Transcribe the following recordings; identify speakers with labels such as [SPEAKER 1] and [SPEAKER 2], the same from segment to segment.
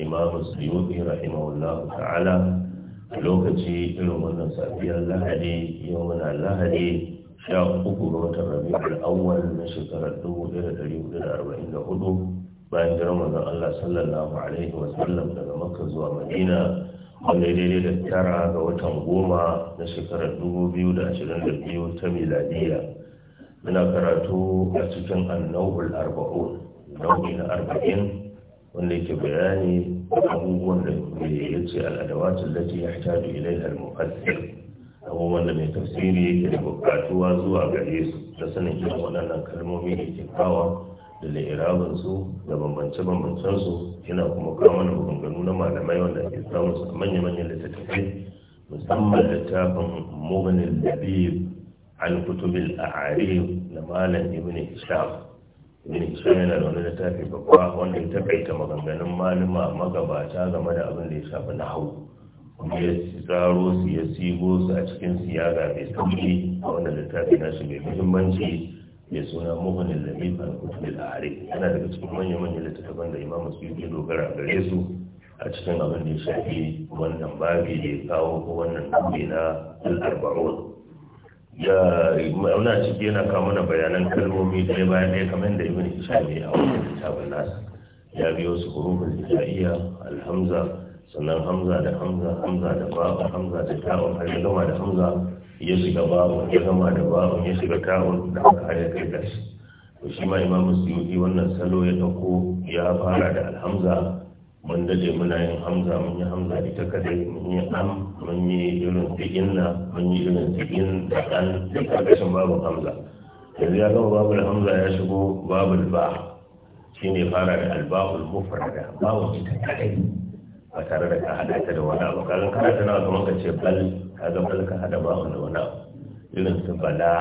[SPEAKER 1] imamu suyuti rahimahullahu ta'ala a lokaci irin wannan safiyar lahadi yau muna lahadi sha uku ga watan rabi'ul awwal na shekarar dubu ɗaya da ɗari hudu da arba'in da hudu bayan jiran manzon Allah sallallahu alaihi wa sallam daga makka zuwa madina wanda daidai da tara ga watan goma na shekarar dubu biyu da ashirin da biyu ta miladiya muna karatu a cikin annawul arba'un nau'i na arba'in wanda yake bayani abubuwan da ya ce al'adawatun da ya hita da ilaiha al abubuwan da mai tafsiri yake da bukatuwa zuwa gare su da sanin irin waɗannan kalmomi da ke kawa da lairabin su da bambance-bambancen su yana kuma kawo mana maganganu na malamai wanda ke samun su a manya-manyan littattafai musamman littafin mughnin labib al-kutubil a'arif na malam ibn hisham ibn sami na da wani littafi babba wanda ya taƙaita maganganun malama magabata game da abin da ya shafi na hau kuma ya tsaro su ya sigo su a cikin siyaga mai sauki a wanda littafi na shi mai muhimmanci ya suna muhanin lamif al da al yana daga cikin manyan manyan littattafan da imamu su yi dogara gare su a cikin abin da ya shafi wannan babi da ya kawo ko wannan dubi na al-arba'un ya mauna ciki yana kawo mana bayanan kalmomi ya bayan ya kamar da ibn hisham ya a wannan littafin nasa ya biyo su hurufin hijaiya alhamza sannan hamza da hamza hamza da ba'un hamza da ta'un har ya gama da hamza ya shiga ba'un ya gama da ba'un ya shiga ta'un da haka ya kai shi to shi ma imamu suyuti wannan salo ya dauko ya fara da alhamza mun dade muna yin hamza mun yi hamza ita kadai mun yi am mun yi irin fi'in na mun yi irin fi'in da kan duk karkashin babu hamza yanzu ya gama babu hamza ya shigo babu ba shi ne fara da alba'ul mufrada babu ita kadai ba tare da ka hada ta da wani abu kazan kana ta nawa ce bal kaga bal ka hada babu da wani abu irin su bala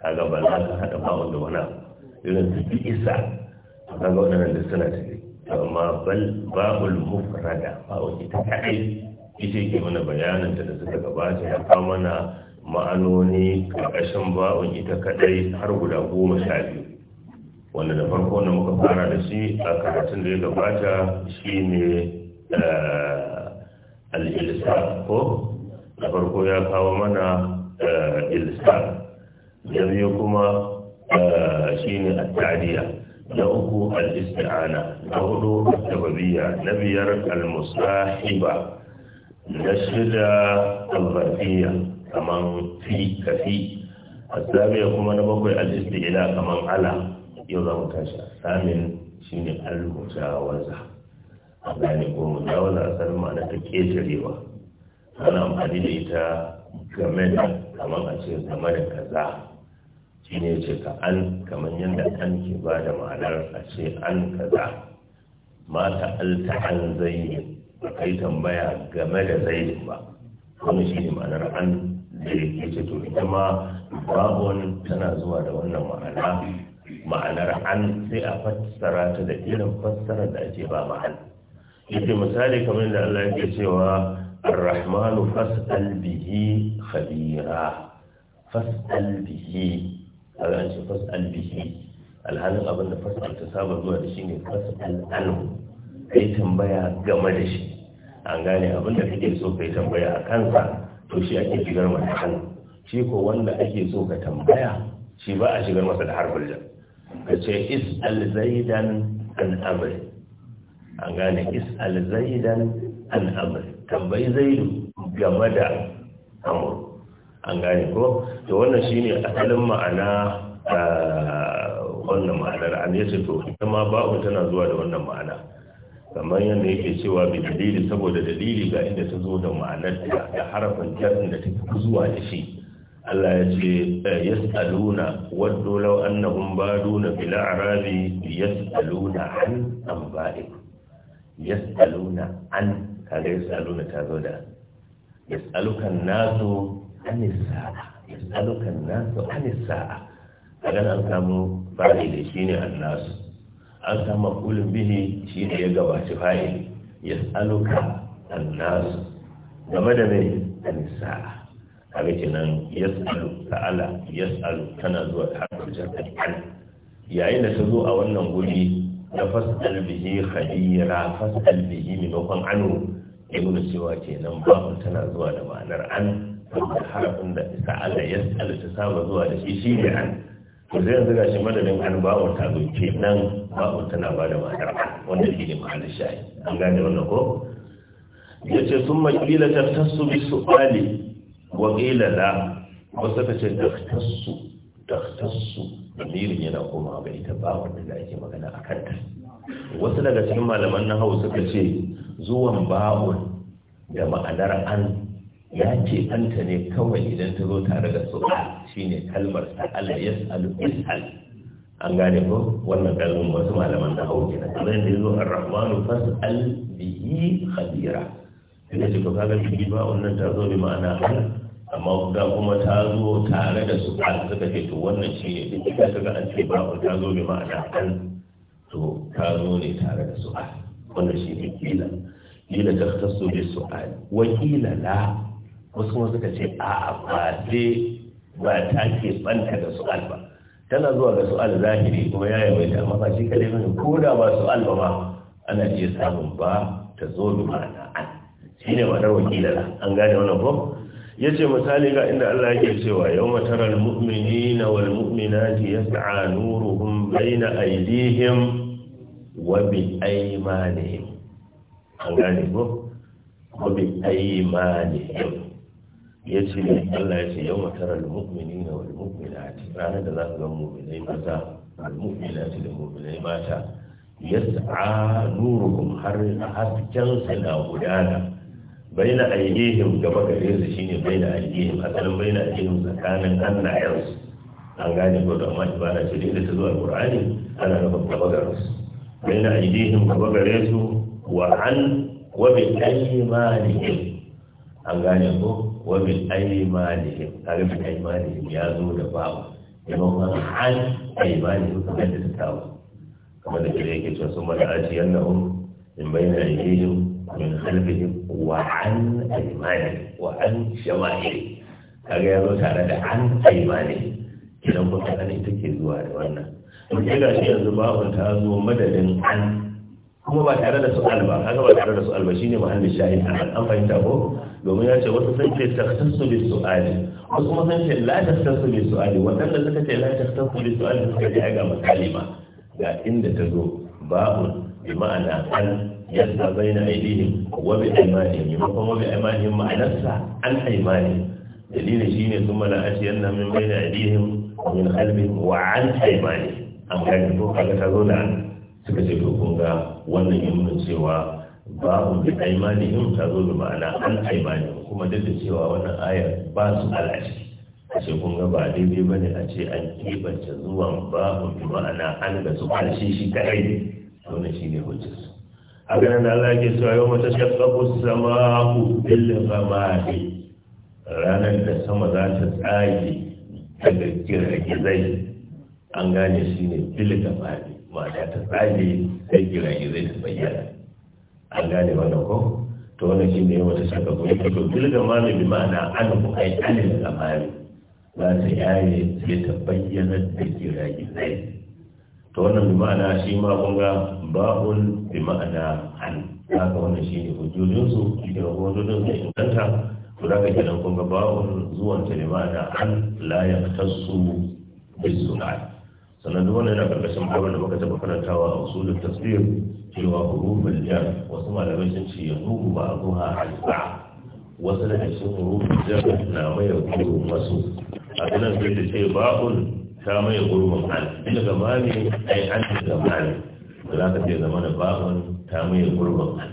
[SPEAKER 1] kaga bala ka hada babu da wani abu irin su isa kaga waɗannan da suna tafi amma bal babul mufrada babu ita kadai ita yake mana bayanin da suka gabata ya kawo mana ma'anoni ƙarƙashin ba'un ita kadai har guda goma sha biyu wanda da farko wanda muka fara da shi a karatun da ya gabata shi al eh, al'ilsa ko da farko ya kawo mana eh, ilsa da biyu kuma eh, shine ne tadiya na uku alisti'ana na hudu at na biyar al-musahiba na shida albarfiya kaman fi kafi asabiya kuma na bakwai alistila kaman ala yau za mu tashi samin shine almujawaza a gane ko wani asalin ma'ana ta ƙetarewa. ana amfani da ita game da kaman a ce game da kaza shi ne ce ka an kamar yadda an ke ba da ma'anar a ce an kaza mata alta an zai ba kai tambaya game da zaidin ba wani shi ne ma'anar an da ya ce to ita ma babon tana zuwa da wannan ma'ana ma'anar an sai a fassara ta da irin fassara da ake ba ma'an yake misali kamar da Allah yake cewa ar-rahmanu fas'al bihi khabira fas'al bihi kaga ce fas'al bihi alhalin abin da fas'al ta saba zuwa da shine fas'al anhu ka tambaya game da shi an gane abin da kake so ka tambaya a kansa to shi ake shigar masa kan shi ko wanda ake so ka tambaya shi ba a shigar masa da harfin jan ka ce is alzaidan an amri an gane is alzaidan an amri tambayi zaidu game da amur an gane ko to wannan shine asalin ma'ana ah, wannan ma'anar an yace to ita ma ba'u tana zuwa da wannan ma'ana kamar yadda yake cewa bi dalili saboda dalili ga inda ta zo da ma'anar da harafin jarin da ta fi zuwa da shi Allah ya ce eh, yas'aluna waddu law annahum baduna fil a'rabi yas'aluna an anba'ik yas'aluna an kaga yas'aluna ta zo da yas'alukan nasu an sa'a yas'alukan nasu an sa'a kaga an samu fa'ili shine an nasu an samu makulin bihi shi ne ya gabaci fa'il ya tsaluka nasu. game da mai anisa a ga kenan ya tsalu ta'ala ya tsalu tana zuwa ta harkar jami'an yayin da ta zo a wannan guri na fasal bihi khadira fasal bihi maimakon anu ya nuna cewa kenan babu tana zuwa da ma'anar an saboda harafin da isa ala ya tsalu ta saba zuwa da shi shi ne an ko zai yanzu shi madadin an ta zoce nan bawon tana ba da matar wanda shi ne ma'anar shayi an gane wannan ko ya ce sun makila ta tasu bi su'ali wa ƙila la wasu ta ce taktassu taktassu lamirin yana koma ga ita bawon da ake magana a kanta wasu daga cikin malaman na hau suka ce zuwan ba'un da ma'anar an ya ce anta ne kawai idan ta zo tare da su'a ah, shine kalmar sa'ala yas'alu yas'al an gane ko wannan kalmar wasu malaman da hauke na kamar yadda ya zo ar-rahmanu fas'al bihi khabira ina ce ko kaga shi ba wannan ta zo bi ma'ana hal amma da kuma ta zo tare da su'a ah, suka ce to wannan shine duk da kaga an ce ba ta zo bi ma'ana hal to ta zo ne tare da su'a ah, wannan shi ne kila kila ta tasu bi su'al wa kila la wasu kuma suka ce a ba dai ba ta ke banta da su'al ba tana zuwa ga su'al zahiri kuma ya yi ta amma ba shi kadai mini ko da ba su'al ba ana iya samun ba ta zo da ma'ana an shi ne wadar wakilar an gane wani ko ya ce misali ga inda Allah yake cewa yau matarar mu'mini na wal mu'minati ya sa'a nuruhum baina aidihim wa bi aimanihim an gane ko wa bi aimanihim ya ce Allah ya ce yau matarar mu'minina wal mu'minati ranar da za ka ga mu'minai maza wal mu'minati da mu'minai mata yas'a nuruhum har hasken sa na gudana baina ayyihim gaba gare su shine baina ayyihim asalin baina ayyihim tsakanin hannayensu an gane ko da amma ibada ce da ta zuwa qur'ani ana nufin gaba gare su baina ayyihim gaba gare su wa an wa bi aymanihim an gane ko wa bil aymanihim kaga bil aymanihim ya zo da babu yawan an aymanihim kamar da ta kamar da kire yake cewa sun mala in bai na aydihim min khalfihim wa an aimanihim wa an shawahid kaga ya zo tare da an aimanihim idan kuma kan ita ke zuwa da wannan to ke ga shi yanzu babu ta zo madadin an kuma ba tare da su'al ba kaga ba tare da su'al ba shine mahallin shahid an fahimta ko domin ya ce wasu sun ce taktasu bi su'ali wasu kuma sun ce la taktasu bi su'ali waɗanda suka ce la taktasu bi su'ali suka ce ai ga makalima ga inda ta zo babu bi ma'ana an yadda bai na aidihim wa bi aimanihim maimakon wa bi aimanihim ma'anarsa an aimanihim dalilin shi ne sun mala a ciyar na min bai na aidihim min halbin wa an aimanihim an gani ko ta zo da suka ce to kun ga wannan yin cewa babu bi aimani in ta zo da ma'ana an aimani kuma duk da cewa wannan aya ba su alashi ce kun ga ba daidai ba ne a ce an kebance zuwan babu bi ma'ana an da su ƙarshe shi kaɗai wannan shi ne a ganin da Allah ke cewa yau mata shafafus sama'u bil ghamami ranar da sama za ta tsage daga zai an gane shi ne bil ghamami ma'ana ta tsage sai zai ta bayyana an gane wannan ko to wannan shi ne wata saka ko yake to bilga mami bi ma'ana an ku kai alil amari Ba ta yaye sai ta bayyana da kira gizai to wannan bi ma'ana shi ma kun ga ba'un bi ma'ana an haka wannan shi ne hujjojin su da hujjojin da inganta to za ka kenan kun ga ba'un zuwan ta bi ma'ana an la yaktasu tasu sunai sannan duk wannan yana karkashin babin da muka taɓa karantawa a usulul tasbir cewa hurufin jar wasu malamai sun ce yanzu ba abu ha alfa wasu da cikin hurufin jar na maye gurbin wasu a ganin sai da ce ba'un ta maye gurbin an ina gama ne ai an ta gama ne da za ka ce zama da ba'un ta maye gurbin an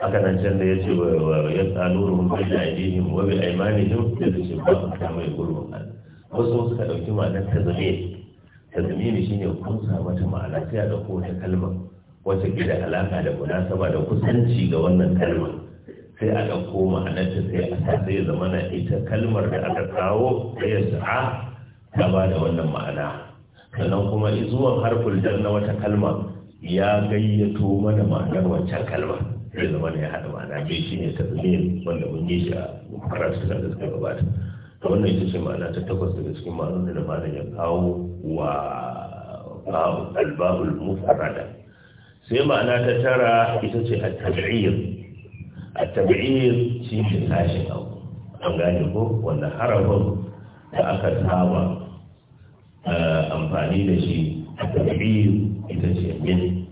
[SPEAKER 1] haka nan can da ya ce wa ya tsalo ruhun da aidihim wa bi aimanihim da su ce ba'un ta maye gurbin an wasu suka ɗauki ma'anar ta zame ta zame ne shine kun samu mata ma'ana sai a ɗauko wata kalmar wata ke da alaka da munasaba da kusanci ga wannan kalmar sai a ɗauko ma'anarta sai a sa sai zama na ita kalmar da aka kawo ta ya sa'a ah, ta ba da wannan ma'ana sannan kuma zuwan harful na wata kalma ya gayyato mana ma'anar wancan kalma sai zama ya haɗa ma'ana bai shi ne ta wanda mun yi shi a karatu da suka gabata ta wannan ita ce ma'ana ta takwas daga cikin ma'anar da malam ya kawo wa albabul mufarada sai ma'ana ta tara ita ce a tabi'ir a tabi'ir shi ne tashi abu an gane ko wanda harafin da aka saba eh, amfani da shi a tabi'ir ita ce min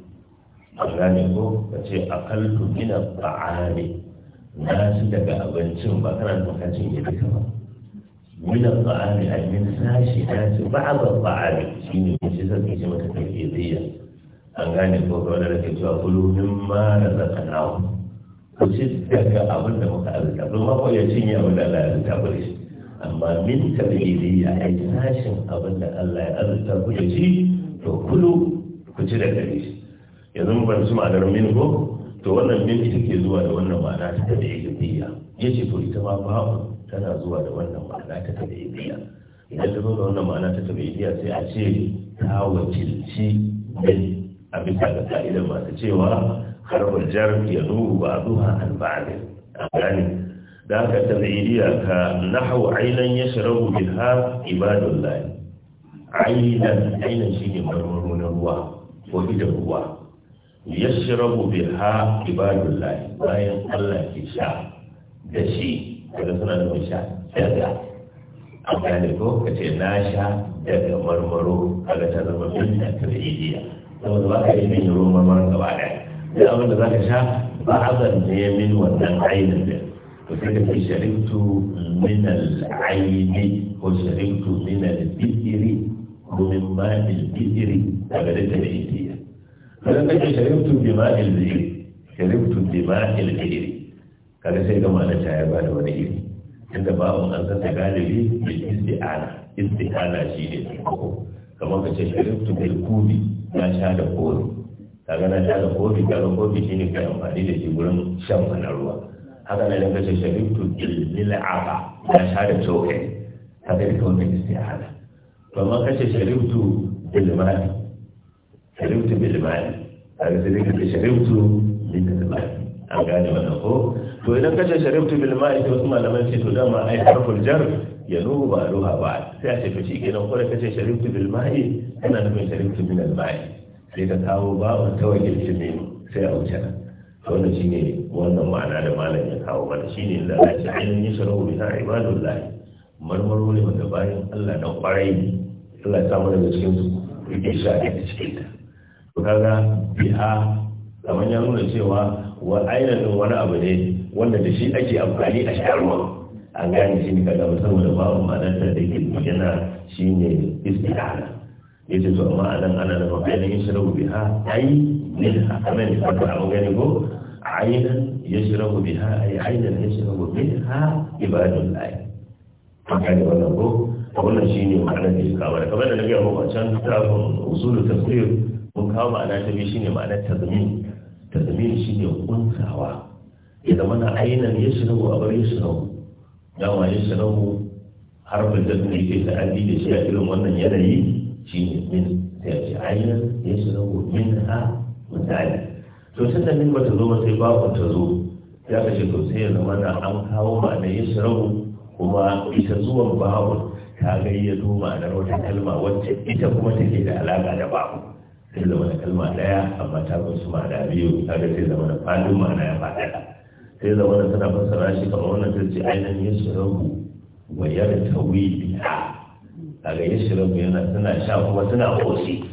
[SPEAKER 1] an gane ko ta ce a kaltu gina ba'ani na su daga abincin ba kana lokacin ya a ba من ta ce من ساشي ناس بعض الطعام شيء ce جزء من جملة تنفيذية an gane ko kawai da ke cewa kulu min ma da zaka nawo ku ci daga abin da muka azuta don ma ya cinye abin da Allah ya azuta ku shi amma min tabili ya yi sashin abin da Allah ya azuta ku ci, to kulu ku ci daga shi yanzu mu bari su ma'anar min ko to wannan min ita ke zuwa da wannan ma'ana ta Ya ce to ita ma babu tana zuwa da wannan ma'ana ta biya. idan ta zo da wannan ma'ana ta biya sai a ce ta wakilci a bisa ga ka'idar masu cewa harbar jar ya nuru ba zuwa alba'adin a gane da aka taziriya ka nahu ainan ya shirahu ha ibadun layi ainan ainan shi ne marmaro na ruwa ko ita ruwa ya shirahu ha ibadun layi bayan allah ke sha da shi kada suna da sha daga a gane ko ka ce na sha daga marmaro kaga ta zama bin da taziriya saboda ba ka iya janye ruwan marmarin gaba ɗaya duk abin da za ka sha ba azan ne min wannan ainin da to sai ka ce sharibtu min al-aini ko sharibtu min al-bidiri ko min ma'il bidiri daga da ita indiya kada ka ce sharibtu bi ma'il bidiri sharibtu bi ma'il bidiri kada sai ka malata ya ba da wani iri inda babu an san ta galibi bil isti'ana isti'ana shi ne kamar ka ce sharibtu bil kubi na sha da kofi kaga na sha da kofi kaga kofi shi ne kai amfani da shi gurin shan wannan ruwa haka na daga ce sharibtu lil'aba na sha da cokai kaga ita wannan hada to amma kace sharibtu bilmani sharibtu bilmani kaga sai kace sharibtu bilmani an gane wannan ko to idan kace sharibtu bilmani to wasu malaman ce to dama ai harful jar ya nuhu ba ruha ba sai a shafi shi kenan ko da kace sharibtu bil ma'i ana nufin sharibtu min al ma'i sai ka kawo bawon tawakkalci ne sai a wuce nan to wannan shine wannan ma'ana da malam ya kawo mana shine da Allah ya ainihin yashrahu bi ibadullah marmaro ne wanda bayan Allah dan kwarai Allah ya samu daga cikin su yake sha ta cikin ta to kaga biha kamar ya nuna cewa wa ainihin wani abu ne wanda da shi ake amfani a sharuwa an gane shi ne kaga ba saboda babu ma'anar da ke yana shi ne istihara ya ce to amma ana da ainihin shirabu ha ai ne a kamar ne fata a magani ko ainihin ya shirabu ha ai ainihin ya shirabu ha ibadun lai an gane wannan ko wannan shi ne ma'anar da ya kawo da kamar da na biya muku a can tafin usulu tafsir mun kawo ma'ana ta biyu ne ma'anar tazmin tazmin ne kunsawa ya zama na ainihin ya shirabu a bar ya shirabu dama waye sanahu harfin da ke da abi da shi a irin wannan yanayi shi ne min sai shi ayyan ainihin ya sanahu min ha misali to sai da min ba ta zo ba sai ku ta zo ya kashe to sai ya zama an kawo ma'ana ya sanahu kuma ita zuwan babu ta gayyato ma'anar wata kalma wacce ita kuma take da alaka da ku sai zama da kalma ɗaya amma ta kunshi ma'ana biyu ga sai zama da fadin na ya faɗaɗa sai zama da suna fassara shi kamar wannan ta ce ainihin rabu wa yartawi biha kaga yasrabu yana suna sha kuma suna koshi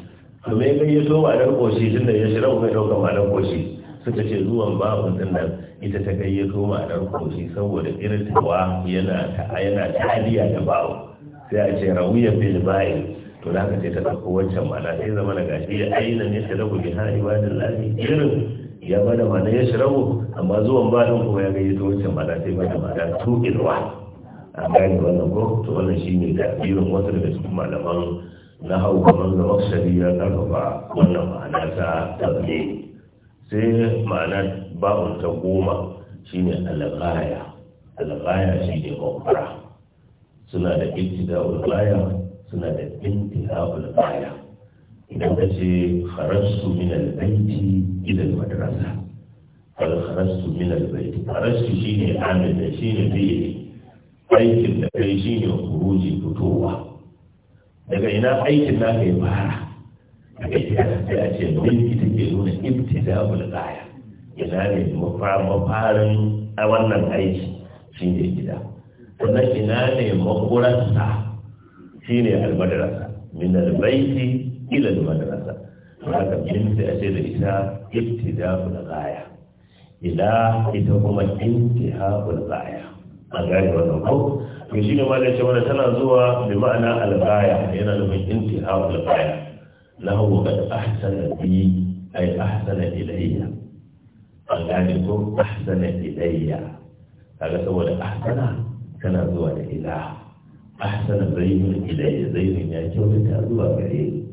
[SPEAKER 1] to me kai ya so ba dan koshi tunda yasrabu bai dauka ba dan koshi suka ce zuwan babu din nan ita ta kai ya so ba koshi saboda irtawa yana ta yana tadiya da babu sai a ce rawiya bil ba'i to da haka sai ta dauko wancan ma'ana sai zama da gashi ya ainihin yasrabu biha lafi irin ya da ma'ana ya shirabu amma zuwan bayan kuma ya gaji ta wancan ma'ana sai bada ma'ana wa. a gani wannan ko to wannan shi ne da irin wasu daga cikin malaman na hau kamar da maksari ya ba. wannan ma'ana ta tabbe sai ma'ana ba'un ta goma shine alghaya shi ne mafara suna da da ghaya suna da da ghaya idan ka ce kharastu min albayti ila almadrasa wal kharastu min albayti kharastu shine amil shine fiye aikin da kai shine kuruji fitowa daga ina aikin naka ya fara sai a ce domin ita ke nuna ibtida'ul aya ina ne mafarin a wannan aiki shine gida sannan ina ne makurarsa shine ne almadarasa min albaiti ila da madrasa to haka min sai a ce da ita ibtida'ul ghaya ila ita kuma intiha'ul ghaya an gane wannan ko to shi ne malai ce tana zuwa bi ma'ana al-ghaya yana nufin intiha'ul ghaya lahu qad ahsana bi ay ahsana ilayya an gane ko ahsana ilayya kaga saboda ahsana tana zuwa da ila ahsana zainul ilayya zainun ya kyautata zuwa gare ni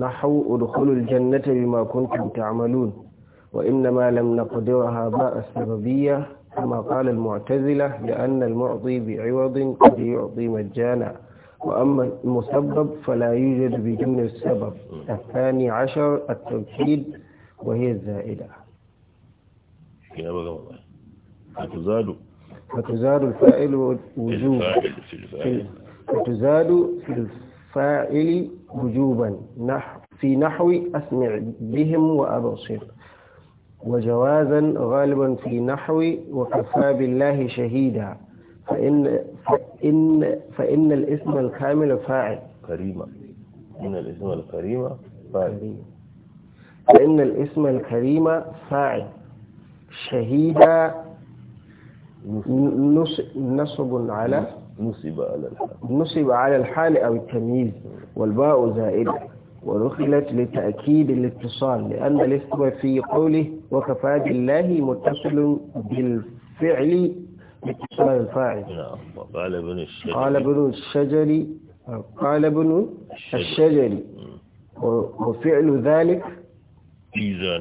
[SPEAKER 2] نحو ادخلوا الجنة بما كنتم تعملون وإنما لم نقدرها باء السببية كما قال المعتزلة لأن المعطي بعوض قد يعطي مجانا وأما المسبب فلا يوجد بدون السبب الثاني عشر التوحيد وهي الزائدة فتزاد فتزاد الفاعل وجوب فتزاد في الفاعل وجوبا في نحو أسمع بهم وأبصر وجوازا غالبا في نحو وكفى بالله شهيدا فإن, فإن, فإن الاسم الكامل فاعل كريمة إن الاسم الكريمة فاعل فإن الاسم الكريمة فاعل شهيدا نصب على نصب على الحال نصب على الحال أو التمييز والباء زائدة ونخلت لتأكيد الاتصال لأن الاسم في قوله وكفى بالله متصل بالفعل اتصال الفاعل نعم. قال ابن الشجري قال ابن الشجري قال ابن الشجري وفعل ذلك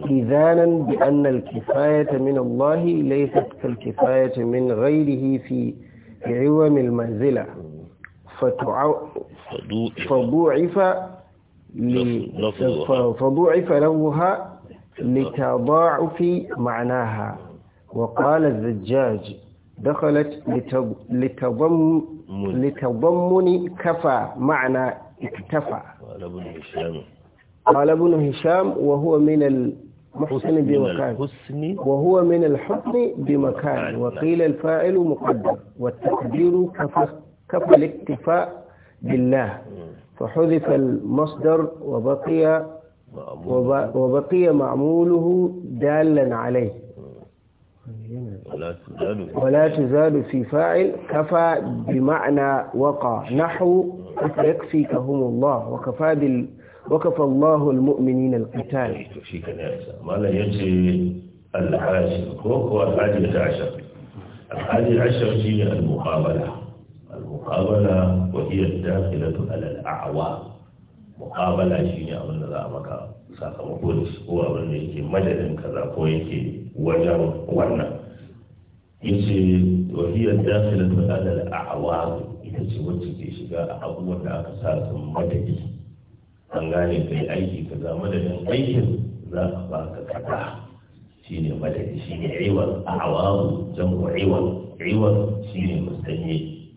[SPEAKER 2] إذانا بأن الكفاية من الله ليست كالكفاية من غيره في عوام المنزلة فضوعف فضوعف لوها لتضاعف معناها وقال الزجاج دخلت لتضم لتضمن كفى معنى اكتفى قال ابن هشام وهو من محسن بمكان وهو من الحسن بمكان نعم. وقيل الفاعل مقدر والتقدير كفى كفى الاكتفاء بالله فحذف المصدر وبقي وبقي معموله دالا عليه ولا تزال في فاعل كفى بمعنى وقع نحو يكفيكهم الله وكفى وكفى الله المؤمنين القتال
[SPEAKER 1] مالا يجي العاشر هو الحادي العشر الحادي العشر هي المقابلة المقابلة وهي الداخلة على الأعوام مقابلة شيء أمن ذا مكا sakamakon ko abin da yake madadin kaza ko yake wajen wannan yace wahiyar dakhilatu ala al-a'wam ita ce wacce ke shiga a abubuwan da aka sa sun madadi an gane ka yi aiki ka za madadin aikin za a ka kaza shi ne madadi shi ne iwar awawu jango iwar iwar shi ne mustanye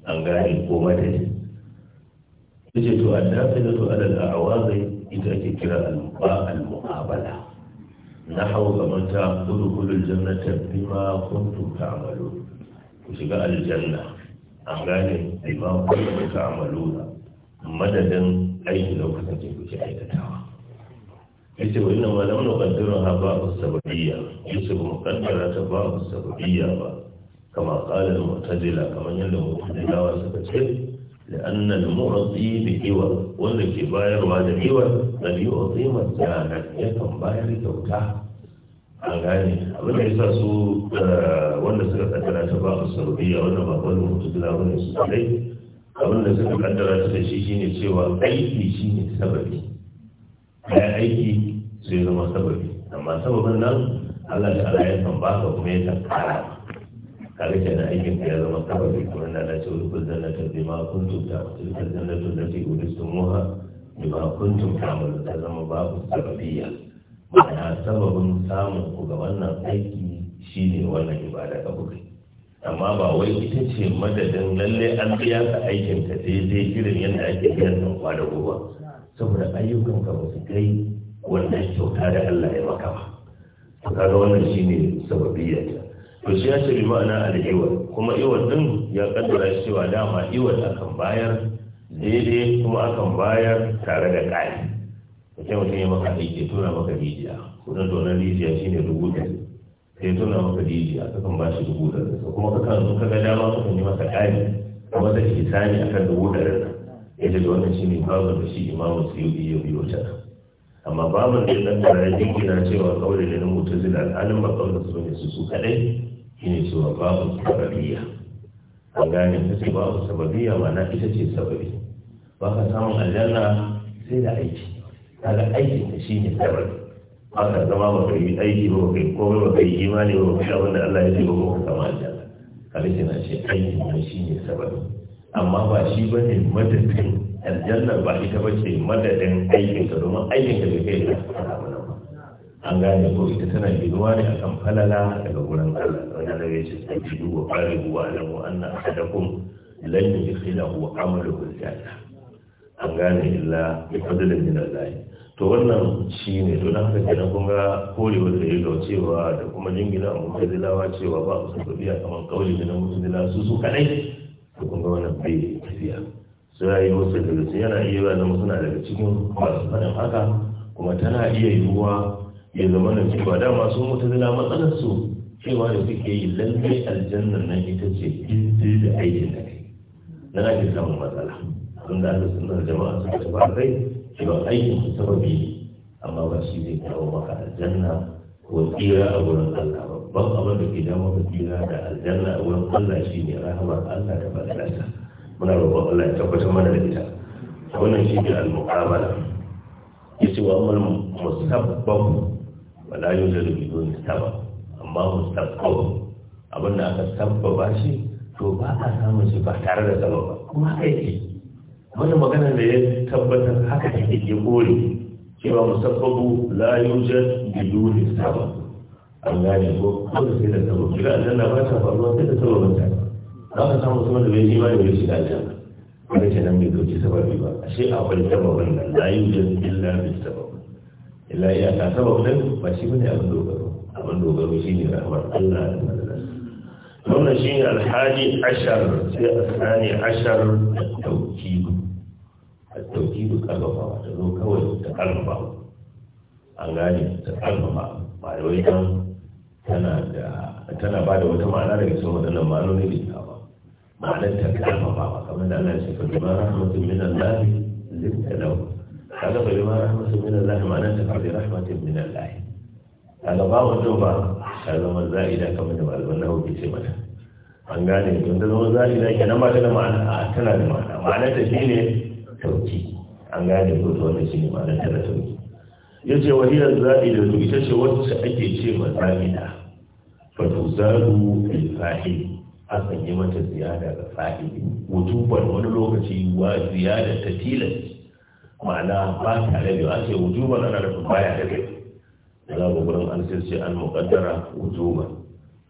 [SPEAKER 1] an gane ko madadi yace to addafilatu adal a awazi ita ake kira al-muqa al-muqabala nahwu kamar ta udkhulul jannata bima kuntum ta'malun ku shiga aljanna an gane bima kuntum ta'maluna madadin aikin da kuka yake aikatawa yace wa inna ma lam nuqaddiru ha ba'u sababiyya yace ba muqaddara ta ba'u sababiyya ba kama qala al-mu'tazila kaman yadda mu'tazilawa suka ce لأن المعطي بإيوة والذي باير وهذا إيوة بل يعطي مجانا يكن su eh, wanda suka أبن ta ba وانا سنة أتنا تباق السعودية وانا ما قوله مجدنا وانا abin da suka kaddara su da shi shine cewa aiki shine sababi ya aiki sai zama sababi amma sababin nan Allah ta Allah ya san ba ka kuma ya san kara ke na aikin ya zama sababi kuma na da cewa ku zanna ta bima kuntum ta tilka zannatu lati uristumuha kun tuta ta'malu ta zama babu sababiyya ma'ana sababin samun ku ga wannan aiki shine wannan ibada ka kuka amma ba wai ita ce madadin lalle an biya ka aikin ka daidai irin yadda ake biyan nan kwada ba saboda ayyukan ka ba su kai wannan kyauta da Allah ya maka ba to kaga wannan shine sababiyar ta to shi ya ce bi ma'ana al'iwar kuma iwar din ya kaddara cewa dama iwar akan bayar daidai kuma akan bayar tare da ƙari mutum mutum ya maka aiki tura maka rijiya kudin donar rijiya shine dubu sai tuna maka didi a kakan ba shi dubu ɗari kuma kakan zo kaga dama kan yi masa ƙari a masa kisani a kan dubu ɗari ya ce da wannan shi ne babu da shi imamu yi ya biyo ta amma babu da ɗan yi kina cewa kawai da nan mutum zai da al'adun ba kawai da su ne su su kaɗai shi ne cewa mu sababiyya an gane ta ce babu sababiyya na ita ce sababi ba ka samun aljanna sai da aiki kaga aikin ta shi ne sababi haka zama ba ka yi aiki ba ka yi komai ba ka yi imani ba ka abin da Allah ya ce ba ka kama aljanna halitta na ce aiki ne shi ne sababi amma ba shi ba ne madadin aljannar ba ita ba ce madadin ka domin aikinka da kai ba. ka an gane ko ita tana ginuwa ne akan falala daga wurin Allah wani annabi ce ta gidu wa qaribu wa alamu anna ahadakum lan da amaluhu al-janna an gane illa bi fadlin jinar Allah to wannan shi ne to don haka kenan kun ga korewa da ya cewa da kuma jingina a dilawa cewa ba su tafiya kamar kauli na da su su kadai to kun ga wannan bai tafiya su yi musu daga su yana iya yana musu suna daga cikin masu sanin haka kuma tana iya yiwuwa ya zama da cewa dama su mutazila matsalar su cewa da suke yi lalle aljannan nan ita ce inda da aikin da kai na ake samun matsala da aka sunar jama'a suka tafi a kai cewa aikin sababi ne amma ba shi zai kawo maka aljanna ko tsira a wurin Allah babban abin da ke da maka tsira da aljanna a wurin Allah shi ne rahama Allah da fadalarsa muna roƙon Allah ya tabbatar mana da ita wannan shi ne al-muqabala yace wa amal wa la yuzal bi dun sabab amma mustaqbal abin da aka sabba shi to ba a samun shi ba tare da sabab kuma kai wannan magana da ya tabbatar haka ne ke kore cewa musabbabu la yujad bi duni sabab Allah ya go kuma sai da sabab kira aljanna ba ta faruwa sai da sabab ta za ka samu sama da bai shi ba da bai shiga aljanna wani ke nan bai kauce sabab ba ashe a akwai sabab ne la yujad illa bi sabab illa ya ka sabab nan ba shi bane abin dogaro abin dogaro shine rahmar Allah da manzon هنا شيء الحادي عشر في الثاني عشر التوكيد karfafa ta zo kawai ta karfafa an gane ta karfafa ba da wai kan tana ba da wata ma'ana daga cikin waɗannan ma'anoni da ta ba ma'anar ta karfafa ba kamar da Allah ya ce fa bima rahmatin min Allah zinta lahu kaga fa bima rahmatin min Allah ma'anar ta karfafa rahmatin min Allah kaga ba wannan ba ta zama za'ida kamar da malaman nahu ke ce mata an gane don da zama za'ida kenan ba ta da ma'ana tana da ma'ana ma'anar ta shine an gane ko ta wanda shi ne ma'anar ya ce wa hiyar zaɓi da su ita ce wacce ake ce ma zaɓida fa zaru lil fa'il akan yi mata ziyada ga fahim. wujuban wani lokaci wa ziyada ta tilas ma'ana ba tare da ake wujuban ana nufin baya da kai da za ku gurin an sai an muƙaddara wujuban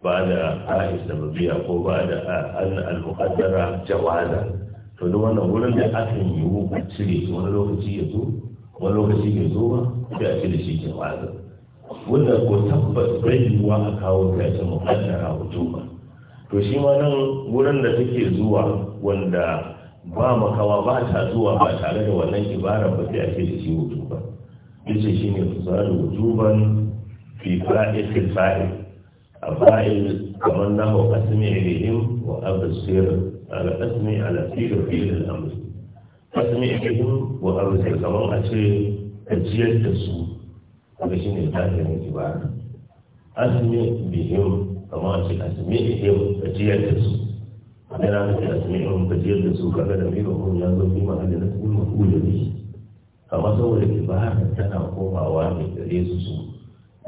[SPEAKER 1] ba da a'is da mabiya ko ba da an al-muqaddara jawaza to da wannan wurin da yi yiwu a cire shi wani lokaci ya zo wani lokaci ya zo ba sai a cire shi ke wazo wanda ko tabbas bai yiwuwa a kawo ta ce muƙaddara hujuma to shi ma nan wurin da take zuwa wanda ba makawa ba ta zuwa ba tare da wannan ibara ba sai a cire shi ba yace shi ne fusaru wujuban fi fa'il fa'il a fa'il kamar nahu ilayhim wa absir ala asmi ala fi'il fi'il al-amr asmi bihim wa absir kamar a ce ajiyar da su kaga shine zahirin ibara asmi bihim kamar a ce asmi bihim ajiyar da su yana nufin asmi bihim ajiyar da su kaga da mika kun ya zo bima a da su mahula ne amma saboda ibara tana komawa mai gare su su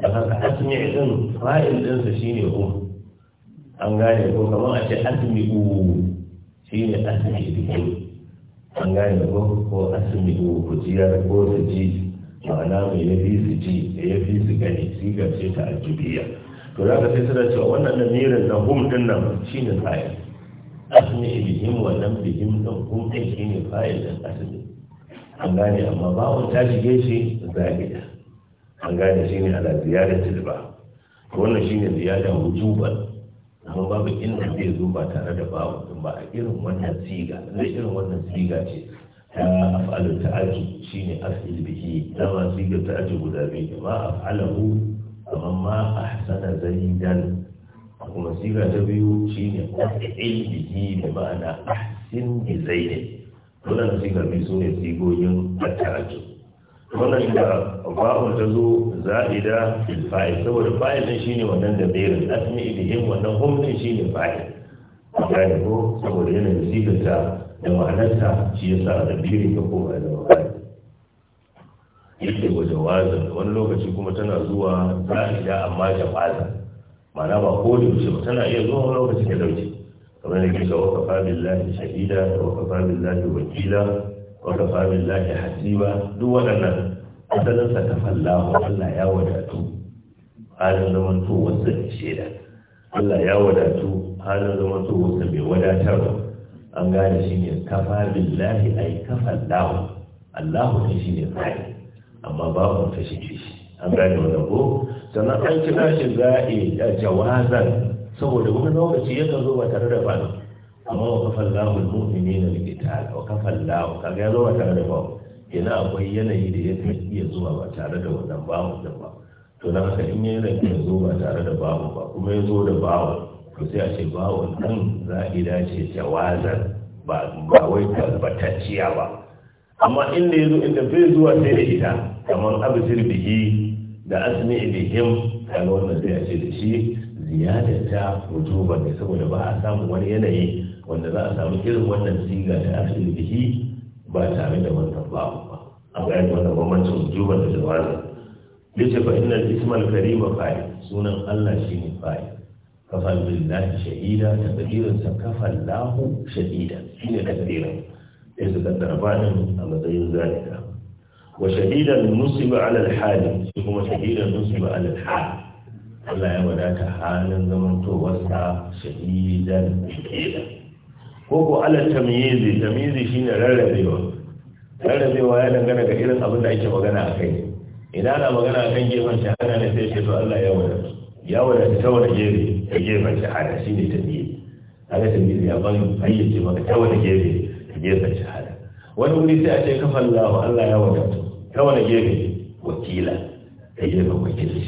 [SPEAKER 1] da haka asmi din fa'il din sa shine um an gane ko kamar a ce asmi u shi ne asibiti an gane ko ko asibiti ku jiyar ko su ji ma'ana mai ya fi su ji da ya fi su gani sigar ce ta aljibiya to za ka sai suna cewa wannan nirin na hum din nan shi ne fayil asmi bihim wannan bihim din hum din shi ne fayil din asmi an gane amma wani ta shige shi zahida an gane shi ne ala ziyarar tilba wannan shi ne ziyarar wujuban amma babu inda zai zo ba tare da bawon mutum ba a irin wannan siga Zai irin wannan siga ce ta af'alu ta'aju shine af'il bihi dama sigar ta'aju guda biyu ma af'alahu amma ma ahsana Dan. kuma siga ta biyu shine af'il bihi da ma'ana ahsin bi zaidin wannan siga biyu sune sigogin ta'aju wannan da ba'un ta zo za'ida fa'il saboda fa'il din shine wannan da bayin asmi ibihim wannan hum din shine fa'il ya yabo saboda yanayin sigarta da ma'anarta shi ya sa da birin ta koma da ma'ana yake wajen wazan wani lokaci kuma tana zuwa za'ida amma jawaza Mana ba ko da yaushe ba tana iya zuwa wani lokaci da dauke kamar da kisa wa kafa billahi shahida da wa kafa billahi wakila wa kafa billahi hasiba duk waɗannan asalin sa ta fallahu Allah ya wadatu halin zaman to wasu shaida Allah ya wadatu halin zama to wasu mai wadatarwa an gane shi ne kafa billahi yi kafa lawa allahu ne shi ne kai amma babu ta shi shi an gane wannan ko sannan an kira shi yi a jawazan saboda wani lokaci yakan zo ba tare da bani amma wa kafa allahu ne bi qital wa kafa lawa Ka ga zo ba tare da bani yana akwai yanayi da ya kan iya zuwa ba tare da wannan mu da ba to na haka in yana iya zo ba tare da mu ba kuma ya zo da mu. to sai a ce za a ida ce jawazan ba wai tabbatacciya ba amma inda ya zo inda bai zuwa sai da ita kamar abisir bihi da asmi bihim kaga wannan sai a ce da shi ziyadar ta ne saboda ba a samu wani yanayi wanda za a samu irin wannan siga da asmi bihi ba tare da wannan ba a gani wannan bambancin wujuban da jawazan yace fa innal ismal karima fa'i sunan Allah shine fa'i kafa billahi shahida takdirin sa kafa lahu shahida shine takdirin sai su kaddara ba'in a matsayin zalika wa shahidan musiba ala alhali shi kuma shahidan musiba ala alhali Allah ya wadata halin zamantowarsa shahidan shahida ko ko ala tamyizi tamyizi shine rarrabewa rarrabewa ya dangana ga irin abin da ake magana a kai idan ana magana a kan gefen shahada ne sai ce to Allah ya wadata ya wadata ta wani gefe ta gefen shahada shi ne A kaga tambiyi ya ban ayyace maka ta wani gefe ta gefen shahada wani wuri sai a ce kafa Allah Allah ya wadatu ta wani gefe wakila ta gefen wakilci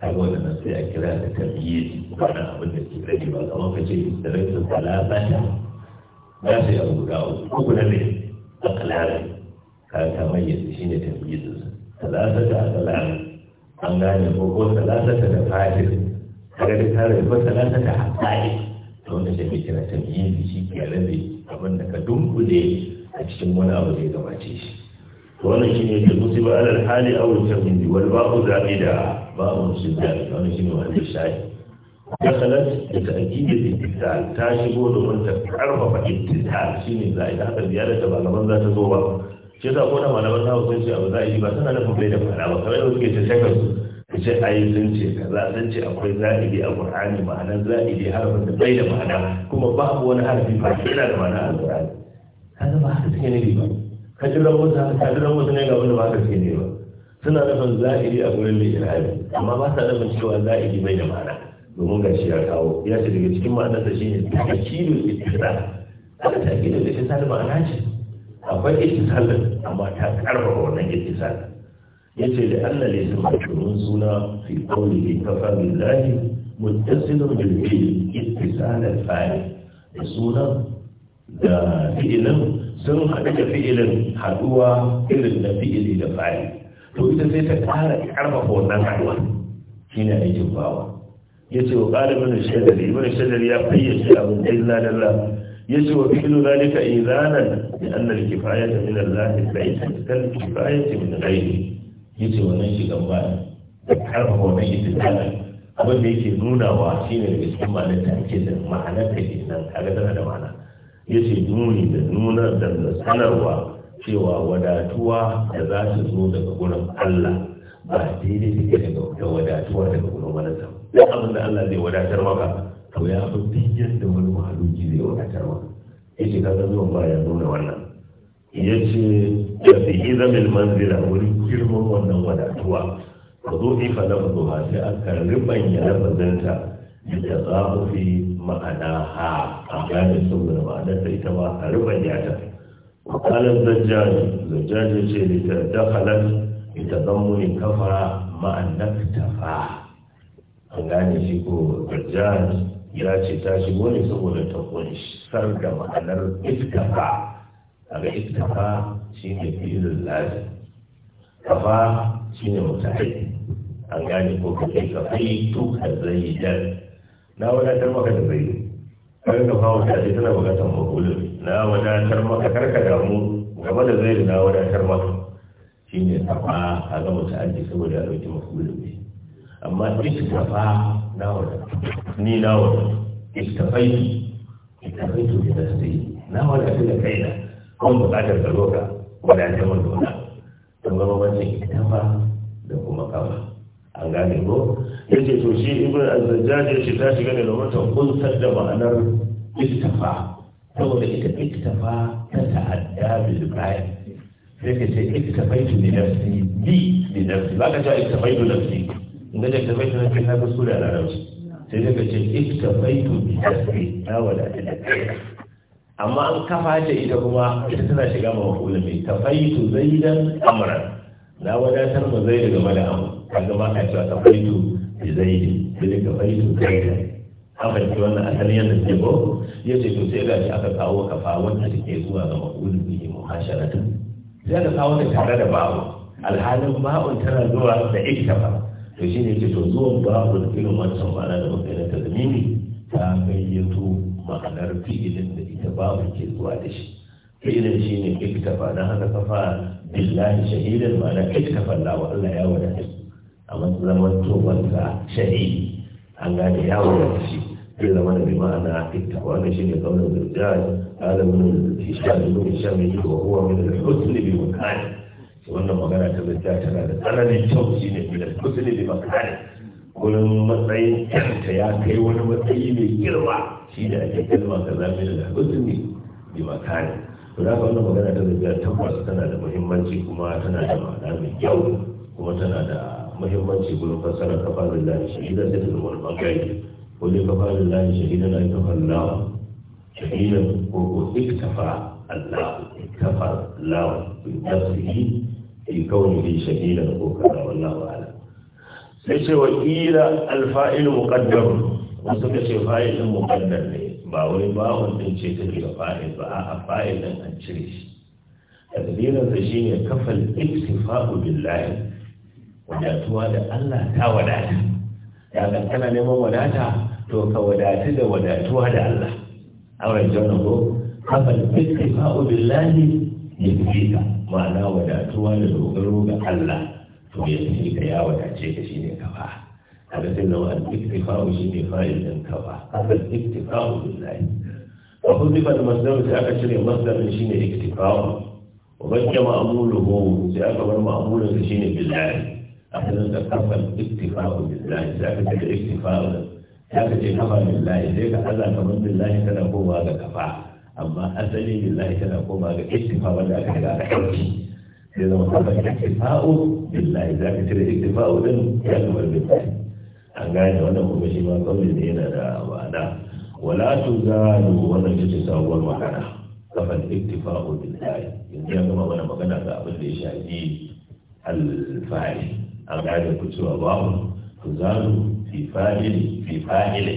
[SPEAKER 1] ga wannan sai a kira da tambiyi wannan abin da ke rage ba kamar ka ce istiratul talata ba sai abu guda uku guda ne a kalare kaga ta mayyace shine tambiyi talatata a kalare an gane ko ko talatata da fatir kada da ta rabu ba sana ta da haɗaɗe ta wanda shi mai kira ta yin shi ke rabe abin da ka dunkule a cikin wani abu da ya gabace shi to wannan shi ne ta musu ba alal hali a wuce min ji wani babu zaɓe da babu musu zaɓe da wani shi ne wani shayi ya salat da ta aƙidar intisal ta shigo da wani ta ƙarfafa intisal shi ne za a yi ta haka ziyara ta ba kamar za ta zo ba Ke za ko da malaman za su san shi abu za a yi ba tana nufin bai da malaman kamar yadda suke ta shakar su ka ce ai ce kaza zance ce akwai za'idi a qur'ani ma'anar za'idi harafin da bai da ma'ana kuma babu wani harafi ba yana da ma'ana a qur'ani kaga ba haka suke ne ba ka ji rabu ta ka ji rabu ne ga wanda ba haka suke ne ba suna nufin za'idi a gurin mai irabi amma ba sa nufin cewa za'idi bai da ma'ana domin ga shi ya kawo ya ce daga cikin ma'anar da shi ne ta ta takidul istira haka takidul ta ma'ana ce akwai ittisalin amma ta karfafa wannan ittisalin yace da Allah ne sun mutumin suna fi qawli kafa billahi muttasilun bil fi'l ittisal al fa'il da suna da fi'ilin sun haɗu da fi'ilin haɗuwa irin da fi'ili da fa'il to ita sai ta ƙara ƙarfafa wannan haɗuwa shine aikin bawa yace wa qalibun shadari ibn shadari ya fayyace abin illa lillah يجوز ذلك إيذانا لأن الكفاية من الله ليست كالكفاية من غيره ya ce wannan shigan baya da karfafa wannan istiqlal abin da yake nuna wa shi ne da cikin ma'anar da ake da ma'anar da ke nan kaga tana da ma'ana ya ce nuni da nuna da sanarwa cewa wadatuwa da za su zo daga gurin Allah ba daidai take da wadatuwa daga gurin wani sam abin da Allah zai wadatar maka to ya fi biyan yadda wani mahaluki zai wadatar maka ya ce kaga zuwan ya nuna wannan ya ce da fi izamin manzila wurin girman wannan wadatuwa ka zo ifa lafazo ba sai an karɓan ya lafazanta da ta zaɓu fi ma'ana ha a gane saboda ma'anar ta ita ba a ruban ya ta kalan zajjaji zajjaji ce da ta dakhalat ita zammuni kafa ma'anar fa. an gane shi ko zajjaji ya ce ta shi wani saboda ta kunsar da ma'anar iska ba. Aga iktafa shi ne filin lafi kafa shi ne mutane an gane ko ka kai ka fai to ka zai dan na wadatar maka da zai kar da kawo ta ce tana bukatar makulun na wadatar maka karka ka damu game da zai na wadatar maka shi ne kafa a ga mutane saboda a ɗauki makulun ne amma iktafa na wadatar ni na wadatar iktafai iktafai to da sai na wadatar da na kuma buƙatar da roƙa wadatar mun nuna don gama ita ba da kuma kama an gane ko ya ce to shi ibn azzajaj ya ce ta shiga da lamarta ta kuntar da ma'anar iktafa saboda ita iktafa ta ta'adda bil bayan sai ka ce iktafaitu li nafsi bi li nafsi ba ka ce iktafaitu nafsi in ga iktafaitu nafsi na ga sura larabci sai ka ce iktafaitu bi nafsi na wadata da kai amma an kafa ta ita kuma ita tana shiga ma mafulin mai tafaitu zaidan amran na wadatar ma zai daga mana amu kaga ba ka cewa tafaitu bi zaidi bi da tafaitu zaidan an fahimci wannan asalin yadda ke ko ya ce to sai gashi aka kawo kafa wanda take zuwa ga mafulin mai muhasharatun sai aka kawo ta tare da babu alhalin ba'un tana zuwa da iktafa to shine ce to zuwan babu irin wancan ma'ana da muka yi na tazmini ta gayyato ma'anar fi'ilin da ita babu ke zuwa da shi fi'ilin shi ne iktafa na hana kafa billahi shahidan ma'ana iktafa Allah wa Allah ya wadata a matsayin tobarsa shahidi an gane ya wadata shi في زمان بمعنى التقوان شيء قول الرجال هذا من الهشام بن ta bai من الحسن da وأن مكانة الرجال كان على التوسين من الحسن بمكانه gurin matsayin kyanta ya kai wani matsayi mai girma shi da ake kalma ka zame da hakutu ne bi makani to da wannan magana ta zabiya tabbas tana da muhimmanci kuma tana da ma'ana mai kyau kuma tana da muhimmanci gurin fassarar kafarin lahi shahida sai ta zama wani bangare ko dai kafarin lahi shahida na ita fallawa shahidan ko ko iktafa Allah iktafa lawa bi nafsihi fi kaunihi shahidan ko kaza wallahu sai ce wa ƙila alfa'il muƙaddar wasu ka ce fa'ilin muƙaddar ne ba wai ba ɗin ce ta daga fa'il ba a fa'ilin an cire shi a dalilinsa shi ne kafal iktifa'u billahi wadatuwa da Allah ta wadata ya ga tana neman wadata to ka wadatu da wadatuwa da Allah auren jona ko kafal iktifa'u billahi ya fi ma'ana wadatuwa da dogaro ga Allah to ya ce ka ya wadace ka shi ne ka ba a ga sai nawa al-iktifa'u shi ne fa'il din ka ba asal iktifa'u billahi wa hudifa al-masdar sai aka cire masdarin shi ne iktifa'u wa bakiya ma'muluhu sai aka bar ma'mulun shi ne billahi asalin ka kafal iktifa'u billahi sai aka cire iktifa'u sai ka ce kafa billahi sai ka haza kamar billahi tana kowa ga kafa amma asali billahi tana kowa ga iktifa wanda aka riga aka ɗauki sai zama kafa iktifa'u billahi za ka cire iktifa'u din ya kamar billahi an gane wannan kuma shi ma kawai ne yana da ma'ana wala tuzalu wannan ita ce sabuwar magana kafa iktifa'u billahi yanzu ya gama mana magana ga abin da ya shafi alfahari an gane ku cewa babu tuzalu fi fi fa'ili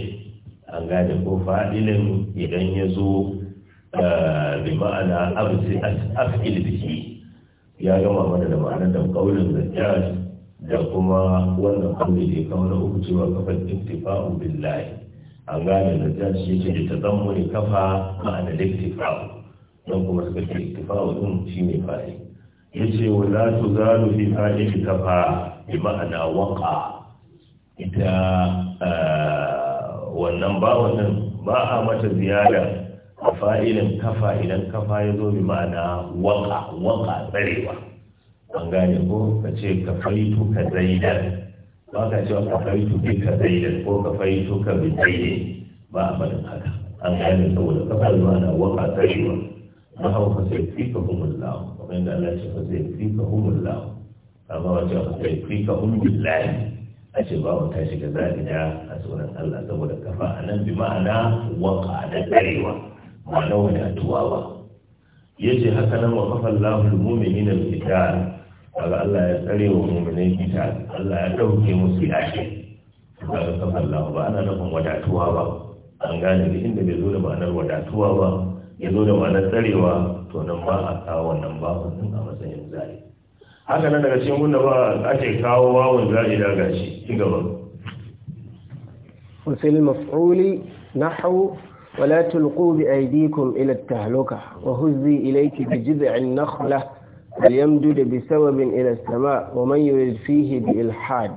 [SPEAKER 1] an gane ko fa'ilin idan ya zo eh, bi ma'ana absi as'afil bihi ya gama mana da ma'anar da kaulin najjash da kuma wannan kauli da ya kawo na uku cewa kafan intifa'u billahi an gane najjash yake da ne kafa ma'ana intifa'u don kuma suka ce intifa'u din ne fa'i ce wa za su tuzalu fi da kafa bi ma'ana waka ita eh, wannan ba wannan ba a mata ziyara fa'ilin kafa idan kafa ya zo bi ma'ana waka waka tsarewa an gane ko ka ce ka faitu ka zaidan ba ka cewa ka faitu bi ka zaidan ko ka faitu ka bi zaidan ba a barin haka an gane saboda kafa bi ma'ana waka tsarewa na hau ka sai fi ka humullahu kamar yadda Allah ce ka sai fi ka humullahu amma wace ka sai fi ka humullahu a ce ba ta shiga zalida a sunan Allah saboda kafa a nan bi ma'ana waka da tsarewa ba na wadatuwa ba ya ce haka nan wa kafa lafi mummini na fitar daga Allah ya tsare wa muminin fitar Allah ya ɗauke musu yashe daga kafa lafi ba ana nufin wadatuwa ba an gane da inda bai zo da ma'anar wadatuwa ba ya zo da ma'anar tsarewa to nan ba a kawo wannan babu sun a matsayin zai haka nan daga cikin wanda ba ake kawo wawon zai da gashi ci gaba
[SPEAKER 2] وفي المفعول نحو ولا تلقوا بأيديكم إلى التهلكة وهزي إليك بجذع النخلة فليمدد بسبب إلى السماء ومن يرد فيه بإلحاد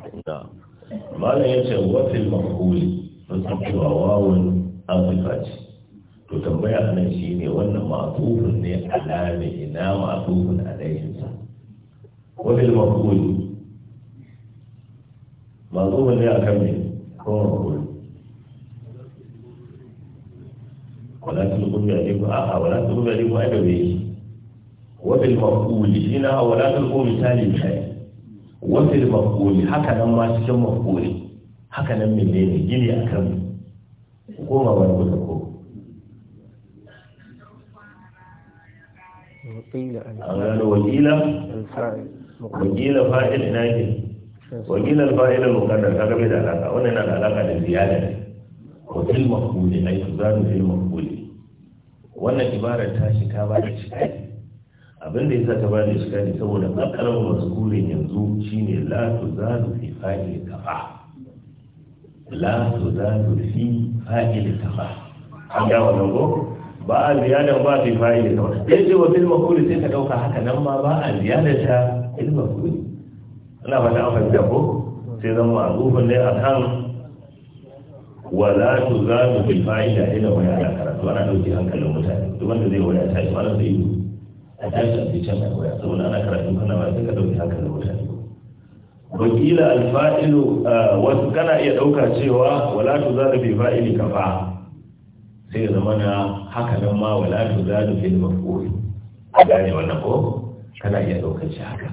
[SPEAKER 1] ما نعم. لا يتوى في المفعول فتبقى واو أضفت تتبع أن شيني وأن معطوف على لا معطوف عليه وفي المفعول معطوف لأكمل هو مفعول ولا تلقوا بأيديكم آخا ولا تلقوا بأيديكم أدبيه وفي المفقول هنا ولا تلقوا مثال الحي وفي المفقول هكذا ما تكون مفقول هكذا من بين جيلي أكرم
[SPEAKER 2] وما بنقولكم وقيل وقيل وقيل فاعل
[SPEAKER 1] نايل وقيل الفاعل المقدر هذا بلا علاقه وانا لا علاقه للزياده وفي المفقود اي تزال في المفقود wannan ibarar ta shi ta ba da shikari abin da yasa ta ba da shikari saboda masu mazkurin yanzu shine la su fi fa'il kafa la su fi fa'il kafa an ga wannan ko ba a ziyarar ba fi fa'il kafa sai ce wa filma maqul sai ka ɗauka haka nan ma ba a ziyarar ta ilma maqul ana fata an fahimta ko sai zama a gufin dai akan wa za su za mu fi fa'ida ila wani ana karatu ana ɗauke hankalin mutane duk wanda zai waya tashi wani zai yi a tashi a cikin a waya saboda ana karatu kana ba sai ka ɗauke hankalin mutane wakila alfa'ilu ah, wasu kana iya ɗauka cewa wala tu za fi fa'ili kafa sai zama na haka nan ma wala tu za fi mafuri gane wannan ko kana iya ɗaukar shi haka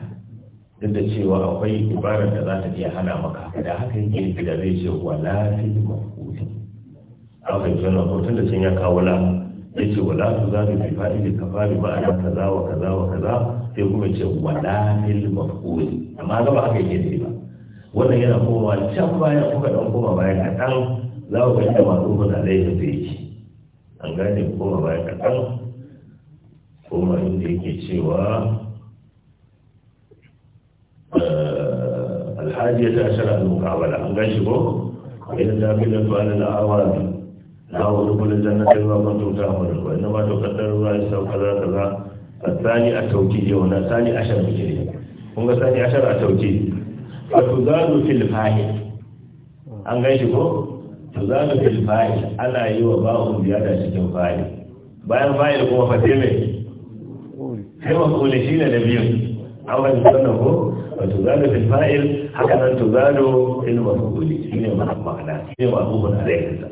[SPEAKER 1] duk da cewa akwai ibarar da za ta iya hana maka da haka yake da zai ce wala fi aka fahimci wannan hoton da can ya kawo la ya ce wala tu za mu fi fa'ili ka fa bi ma'ana kaza wa kaza wa kaza sai kuma ce wala lil maf'ul amma ga ba yi ne ba wannan yana komawa can bayan kuka dan koma baya kaɗan za ku ga yadda ma'lumun alaihi zai ci an gane koma baya kaɗan koma inda yake cewa eh, ko عشر المقابلة أنقاش بو إذا da على الأعوام لا ودخول الجنة بما كنتم تعملون وإنما تقدر الله كذا كذا الثاني التوكيد هنا الثاني عشر بجري هم الثاني عشر التوكيد فتزاد في الفاعل أن غيره تزاد في الفاعل ألا يوى باهم زيادة في الفاعل bayan fa'il kuma fate mai sai mafule shi ne da biyu an wani sannan ko wato zado fil fa'il haka nan to zado ilmar mafule shi ne ma'ana shi ne ma'abubuwan alaikata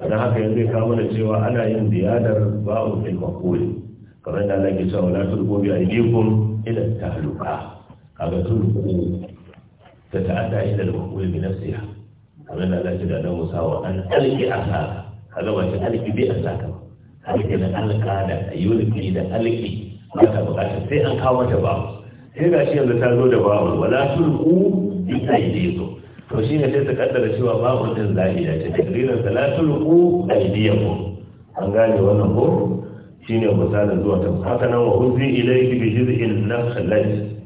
[SPEAKER 1] don haka yanzu ya kawo da cewa ana yin ziyadar ba'u fil maqul kamar da Allah ke cewa la tulqu bi aydikum ila tahluka kaga tulqu ta ta'adda ila al-maqul bi nafsiha kamar da Allah ke da Musa sawa an alqi asaka kaga ba ta alqi bi asaka ba alqi da alqa da yulqi da alqi ba ta bukatar sai an kawo ta ba'u sai gashi yanzu ta zo da ba'u wala tulqu bi aydikum to shi ne sai ta, kaddara cewa babu din zahira ce takririn salatul ku aidiyakum an gane wannan ko shine misali zuwa ta haka nan wa huzzi ilayki bi jiz'in nakhlati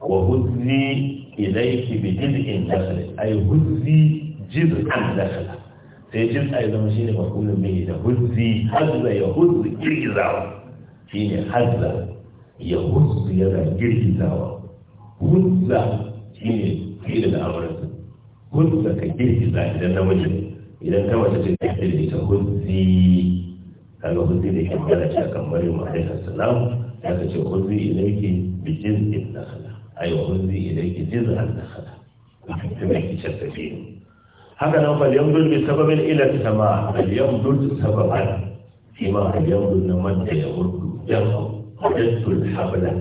[SPEAKER 1] wa huzzi ilayki bi jiz'in nakhlati ay huzzi jiz'an nakhla sai jiz'a ya zama shine makulun bihi da huzzi hazza ya huzzi kirgizawa shine hazza ya huzzi ya girgizawa huzza shine fi'il da amrin hun da ka girgiza idan namiji idan ta mace ce ta girgiza huzzi kaga huzzi da ke magana shi akan maryam alaihi salam ya ka ce idan ke huzzi ilayki bi jiz'in nakhala ay wa huzzi na jiz'an nakhala kuma ki ce ta bi haka nan fa yanzu bi sababin ila sama al yanzu sababan shi ma al yanzu na manta ya murdu yanzu madattul habla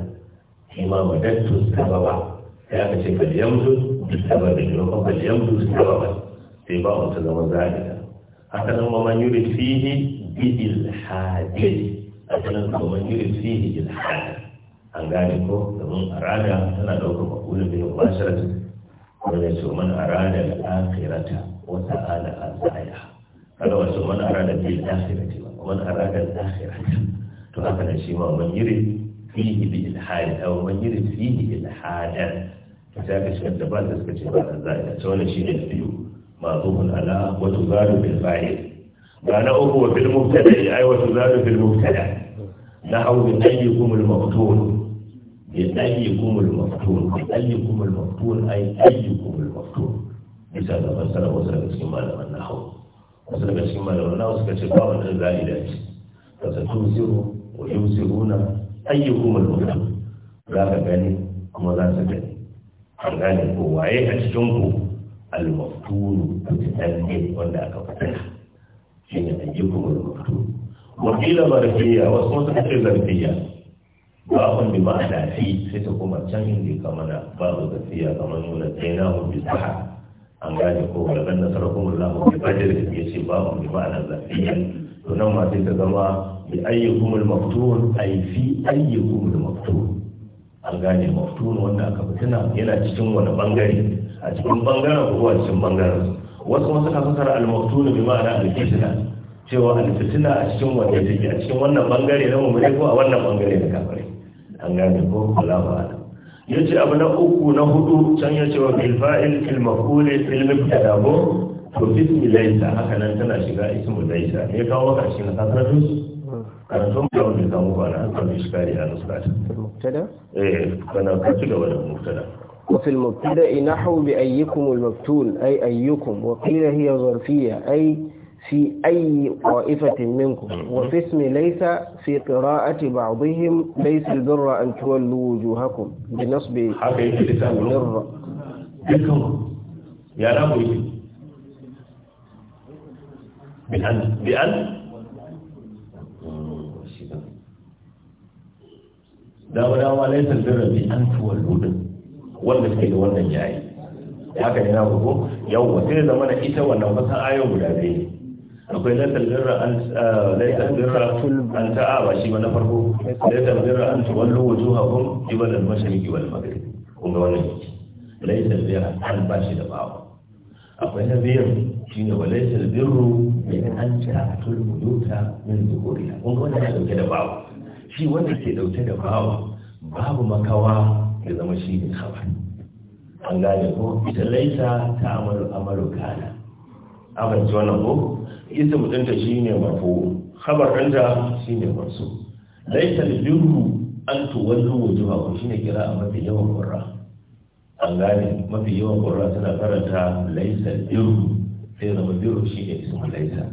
[SPEAKER 1] shi ma madattul sababa ya ka ce fa yanzu بالسبب وقبل يمضي سببا في بعض تزم ذلك هكذا ومن يريد فيه بإلحاد هكذا ومن يريد فيه إلحاد an gane ko domin arada tana ɗaukar makulun bin mubasharat wanda ya ce man arada da akhirata wata ala azaya kada wasu man arada bil akhirati ba man arada da akhirata to haka da shi ma man yiri fihi bi ilhadi aw man yiri fihi sai aka shigar da ba da suka ce ba za a ce wannan shine biyu ma'zufun ala wa tuzalu bil fa'il ba na uku wa bil mubtada ai wa tuzalu bil mubtada na hau bi ayyikum al maqtul bi ayyikum al maqtul bi ayyikum al maqtul ai ayyikum al maqtul bisa ga fasara wasu daga cikin malaman na hau wasu daga cikin malaman na suka ce ba wannan za'ida ce fasatuziru wa yuziruna ayyukum al maqtul za ka gani kuma za su gani an gane ko waye a cikin ku al-maftun ne wanda aka fita shi ne kuma al-maftun wa qila marfiya wa wasu al-zarfiya ba kun bi a dafi sai ta kuma can inda ka mana babu zarfiya kamar nuna tsaina mu bi saha an gane ko lagan da Allah bi ba yace babu bi ma'ana zarfiya to nan ma sai ta zama bi ayyukum al-maftun ay fi ayyukum al-maftun an gane maftun wanda aka fitina yana cikin wani bangare a cikin bangaren ko a cikin bangaren wasu kuma suka fasar al-maftun bi ma'ana al-fitna cewa al-fitna a cikin wanda take a cikin wannan bangare na mummune ko a wannan bangare na kafare an gane ko Ya yace abu na uku na hudu can yace wa bil fa'il fil maf'ul fil mubtada to ismi laysa haka nan tana shiga ismu laysa me kawo ka shi na kasratu
[SPEAKER 2] وفي المبتدأ نحو بأيكم المبتول أي أيكم وقيل هي ظرفية أي في أي طائفة منكم وفي اسم ليس في قراءة بعضهم ليس البر أن تولوا وجوهكم بنصب البر
[SPEAKER 1] يا رب بأن بأن dawo dawo laisa birra bi an tuwallu din wanda suke da wannan yayi haka ne na ko yawa sai da mana ita wannan fasan ayo guda ne akwai laisa birra an eh, laisa birra an ta'aba shi na farko laifin birra an tuwallu wujuhakum qibala al-mashriqi wal maghrib kun ga wannan laifin birra an bashi da ba'wa akwai na biyan shine wa laisa birru bi an ta'atul buyuta min dhuhuriha kun ga wannan ya dauke da ba'wa. shi wanda ke dauke da bawa babu makawa ya zama shi ne kawai an gane ko ita laisa ta amalu amalu kana abin ji wannan ko isa mutunta shi ne mafu khabar ɗanta shi ne masu laisa da jirgu an tuwallo wajewa ko shi ne kira a mafi yawan ƙura an gane mafi yawan ƙura suna karanta laisa jirgu sai zama jirgu shi ne ismu laisa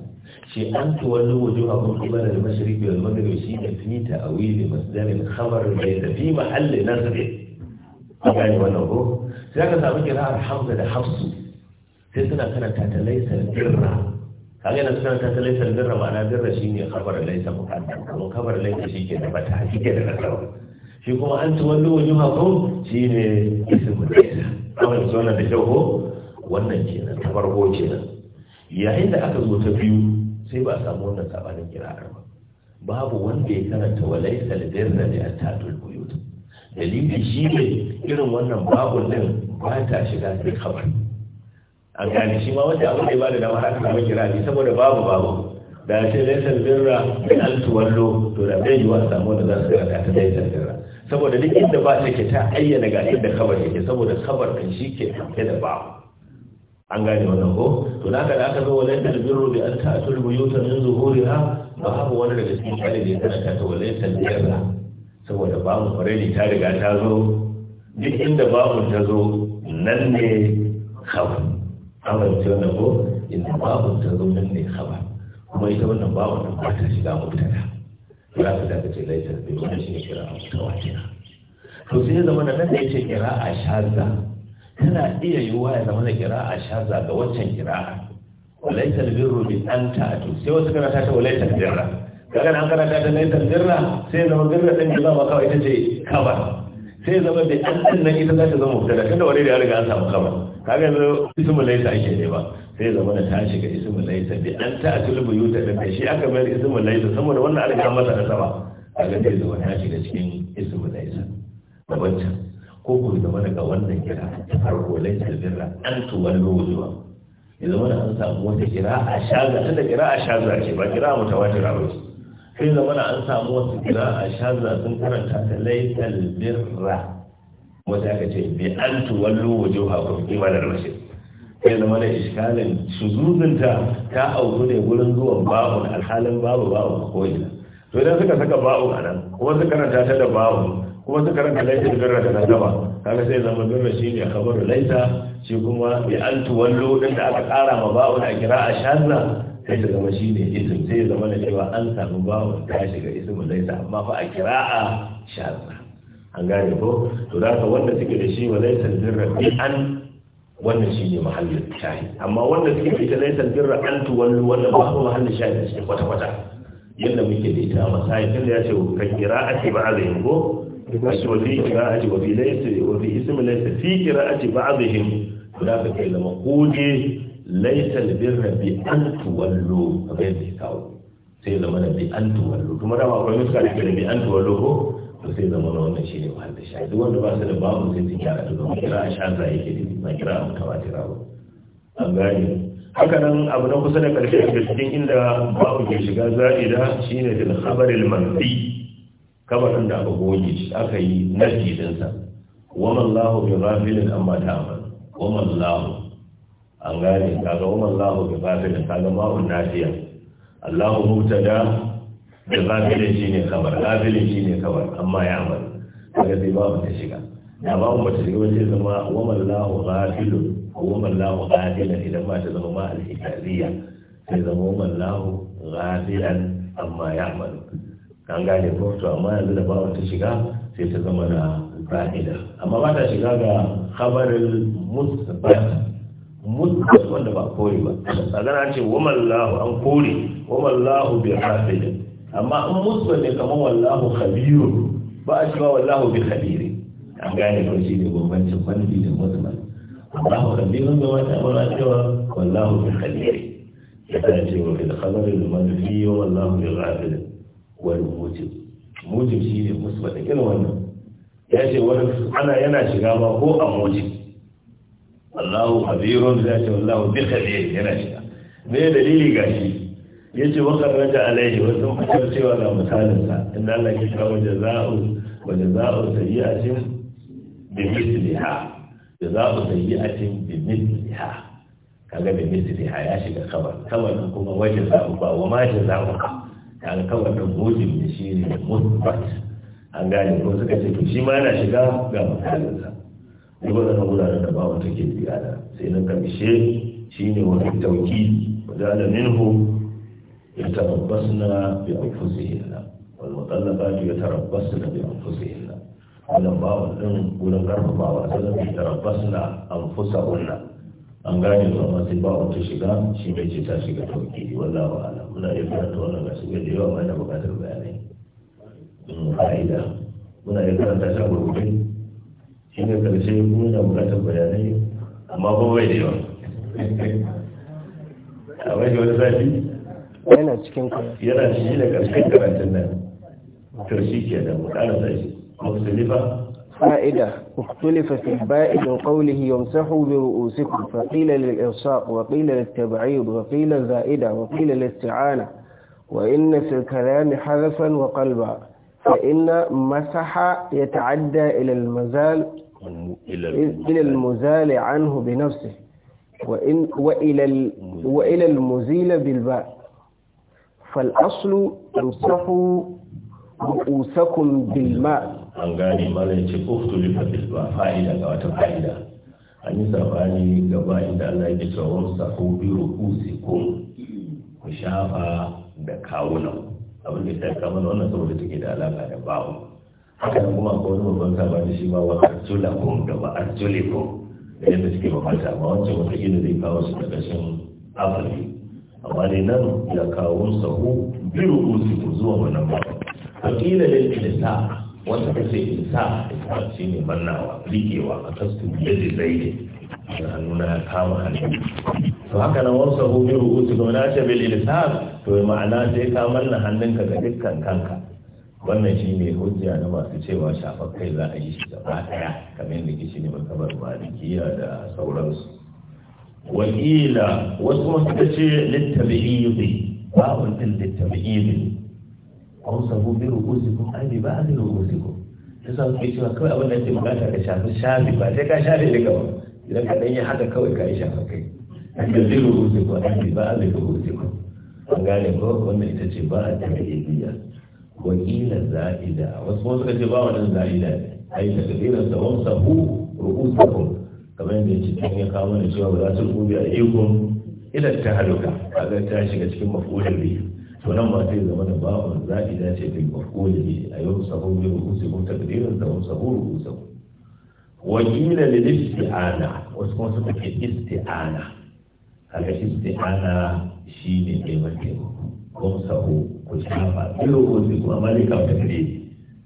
[SPEAKER 1] ce an tuwallo wujuha kun kuma da mashriqi wal maghribi shi da fi ta'wili masdarin khabar da ya fi mahalli nasri a gani wannan ko sai aka samu kira'ar hamza da hafsu sai suna karanta ta laisa birra kaga yana suna karanta laisa birra ma'ana birra shine kamar laisa muqaddam kuma khabar laisa shi ke da bata ke da nasawa shi kuma an wajen wujuha shi ne ismu laisa kawai zo wannan da kyau ko wannan kenan ta farko kenan yayin da aka zo ta biyu sai ba a samu wannan sabanin kira'ar ba babu wanda ya karanta da salbirna ne a tatul buyut dalili shi ne irin wannan babu din ba ta shiga sai khabar A gane shi ma wanda abin da ya bada dama haka samu kira ne saboda babu babu da ce dai salbirra da wallo. to da zai yiwa samu da za su karanta ta da salbirra saboda duk inda ba ke ta ayyana ga inda kabar yake saboda kabar ɗin shi ke da babu an gane wannan ko to da kada aka zo walai talbiru bi an ta'tul buyutan min zuhuriha ba haka wani daga cikin kare da ya karanta ta walai talbira saboda bamu farali ta riga ta zo duk inda mu ta zo nan ne khabar an fahimci wannan ko inda mu ta zo nan ne khabar kuma ita wannan mu ta ba ta shiga mubtada za ka daga ce laifin bai wani shi ne kira a mutawa kira to sai ya zama da nan da ya ce kira a shaza tana iya yiwuwa ya zama da a shaza ga waccan kira'a walaitar birru bi an ta'atu sai wasu kana ta walaitar birra kaga an kana ta walaitar birra sai zama birra ɗan da ba kawai ita ce kaba sai zama bi an ɗan nan ita za ta zama mutada tunda wani da ya riga an samu kabar kaga yanzu ismu laisa ake ne ba sai zama da ta shiga ismu laisa bi an ta'atu lubuyuta da shi aka mayar ismu laisa saboda wannan an riga masa a ga zai zama ta shiga cikin ismu laisa da wancan ko ku yi zama daga wannan kira ta farko laisa birra an tuwallu wujuha ya zama da an samu wata kira a shaza tunda kira a shaza ce ba kira mu mutawatira ba ce sai zama da an samu wata kira a shaza sun karanta ta laisa birra wata aka ce bi an tuwallu wujuha ku imanar rashid sai zama da iskalin suzuzunta ta auku ne wurin zuwan babun alhalin babu babu a ko'ina. to idan suka saka babu a nan kuma suka karanta ta da babu. kuma suka raka laifin birra da nazaba kaga sai zama birra shi ne kabaru laita shi kuma bi an tuwallo din da aka tsara ma wani a kira a shazna sai ta zama shi ne isim sai zama da cewa an samu wani ta shiga ismu laita amma fa a kira a shazna an gane ko to da wanda suke da shi wa laifin birra bi an wannan shi ne mahallin shahi amma wanda suke da ita laifin birra an tuwallo wannan ba mahallin shahi shi kwata-kwata yadda muke da ita masayin tun da ya ce a ce ba a zai ko وفي قراءة وفي ليس وفي اسم ليس في قراءة بعضهم هناك ليس البر بأن تولوا غير da bi haka abu na kusa da inda ke shiga za'ida shine kabarin da aka goge shi aka yi nafi dinsa waman lahu bi ghafilin amma ta ta'mal waman lahu an gane kaga waman lahu bi ghafilin kaga ma'un nafiya Allahu mubtada bi ghafilin shine kabar ghafilin shine kabar amma ya amal kaga sai ba ta shiga da ba mu ta shiga sai zama waman lahu ghafilun waman lahu ghafilan idan ba ta zama ma al-hikariya sai zama waman lahu ghafilan amma ya amal ka gane ko amma yanzu da bawa ta shiga sai ta zama na ra'ida amma ba ta shiga ga khabarin musbat musbat wanda ba kore ba a gana ce wa mallahu an kore wa mallahu bi hafidin amma an musbat ne kamar wallahu khabiru ba a cewa wallahu bi khabiri an gane ko shi ne bambancin bandi da musbat wallahu khabirun ga wata ba cewa wallahu bi khabiri ya ta ce wa fil khabarin manfi wa wallahu bi hafidin wani mujib mujib shi ne musu wata wannan ya ce wani ana yana shiga ba ko a mujib Allahu habirun ya ce wallahu bi khabir yana shiga me dalili gashi yace wa karraja alaihi wa sun fitar cewa ga misalin sa inna Allah ya kawo jaza'u wa jaza'u sayyi'atin bi mithliha jaza'u sayyi'atin bi mithliha kaga bi mithliha ya shiga kabar kabar kuma wajen za'u ba wa ma jaza'u kaga kan wannan mujib ne shi ne mutbat an gane ko suka ce to shi ma yana shiga ga makalinsa duk zan wuraren da wata take ziyara sai na karshe shi ne wani tauki وجعل منه يتربصن بأنفسهن والمطلقات يتربصن بأنفسهن wannan bawon din wurin karfafawa sai zai tarabbas na amfusa wannan an gane zuwa masu ba ta shiga shi mai ce ta shiga tauki wallahu ala muna iya karanta wannan ga shigar da yawa ba na bukatar bayanai fa'ida muna iya karanta ta a gurgurai shi ne karshe kuma na bukatar bayanai amma ba bai da yawa a wani wani zafi
[SPEAKER 2] yana cikin yana shi da
[SPEAKER 1] karshen karantar nan karshe ke da mu karanta shi musulifa
[SPEAKER 2] fa'ida اختلف في الباء من قوله يمسحوا برؤوسكم فقيل للإرساق وقيل للتبعيض وقيل زائدة وقيل للاستعانة وإن في الكلام حذفا وقلبا فإن مسح يتعدى إلى المزال إلى المزال عنه بنفسه وإن وإلى, وإلى المزيل بالباء فالأصل يمسحوا رؤوسكم بالماء
[SPEAKER 1] an gane mana ya ce uftuli fafis ba fa'ida ga wata fa'ida an yi safani gaba inda Allah ya ce wa safu bi rukusi kun ku shafa da kawunan abin da ta kama wannan saboda take da alaka da bawo haka nan kuma akwai wani babban sabani shi ma wa arjulakum da wa arjulikum da yadda suke bambanta ba wancan wata gina zai kawo su daga shin afali amma dai nan ya kawo sahu bi rukusi ku zuwa wannan ba. Akila da ilisa wanda ba zai isa isa shi ne mannawa rikewa a kasu yadda zai ne da hannuna ya kama hannu to haka na wasu hobi rubutu ga wani ashe bil ilsam to yi ma'ana sai ka manna hannunka ga dukkan kanka wannan shi ne hujja na masu cewa shafar kai za a yi shi gaba daya kamar yadda ke shi ne makabar malikiya da sauransu wakila wasu masu ta ce littabi'i babu din littabi'i amsahu bi ru'usikum ay bi ba'd ru'usikum yasa ku ce cewa kawai abin da ake magana ka shafi shafi ba sai ka shafi ne gaba idan ka dan haka kawai ka yi shafa kai ka zai ru'usikum ay bi ba'd ru'usikum an gane ko wannan ita ce ba a tarihiyya wakila za'ida wasu wasu ce ba wannan za'ida ne ai da kabiran sa amsahu ru'usakum kamar yadda ya kan ya kawo mana cewa ba za su rubi a ikon idan ta haluka ga ta shiga cikin mafulin biyu to nan ba zai zama da babu zaɓi da ce bai ne a yau sabon bai ruhu sai mun takdirin da wani sahu ruhu sahu wakila da isti'ana wasu kuma suka ana? isti'ana kaga isti'ana shi ne neman taimako kun sahu ku shafa bai ko sai kuma amma dai kawo takdiri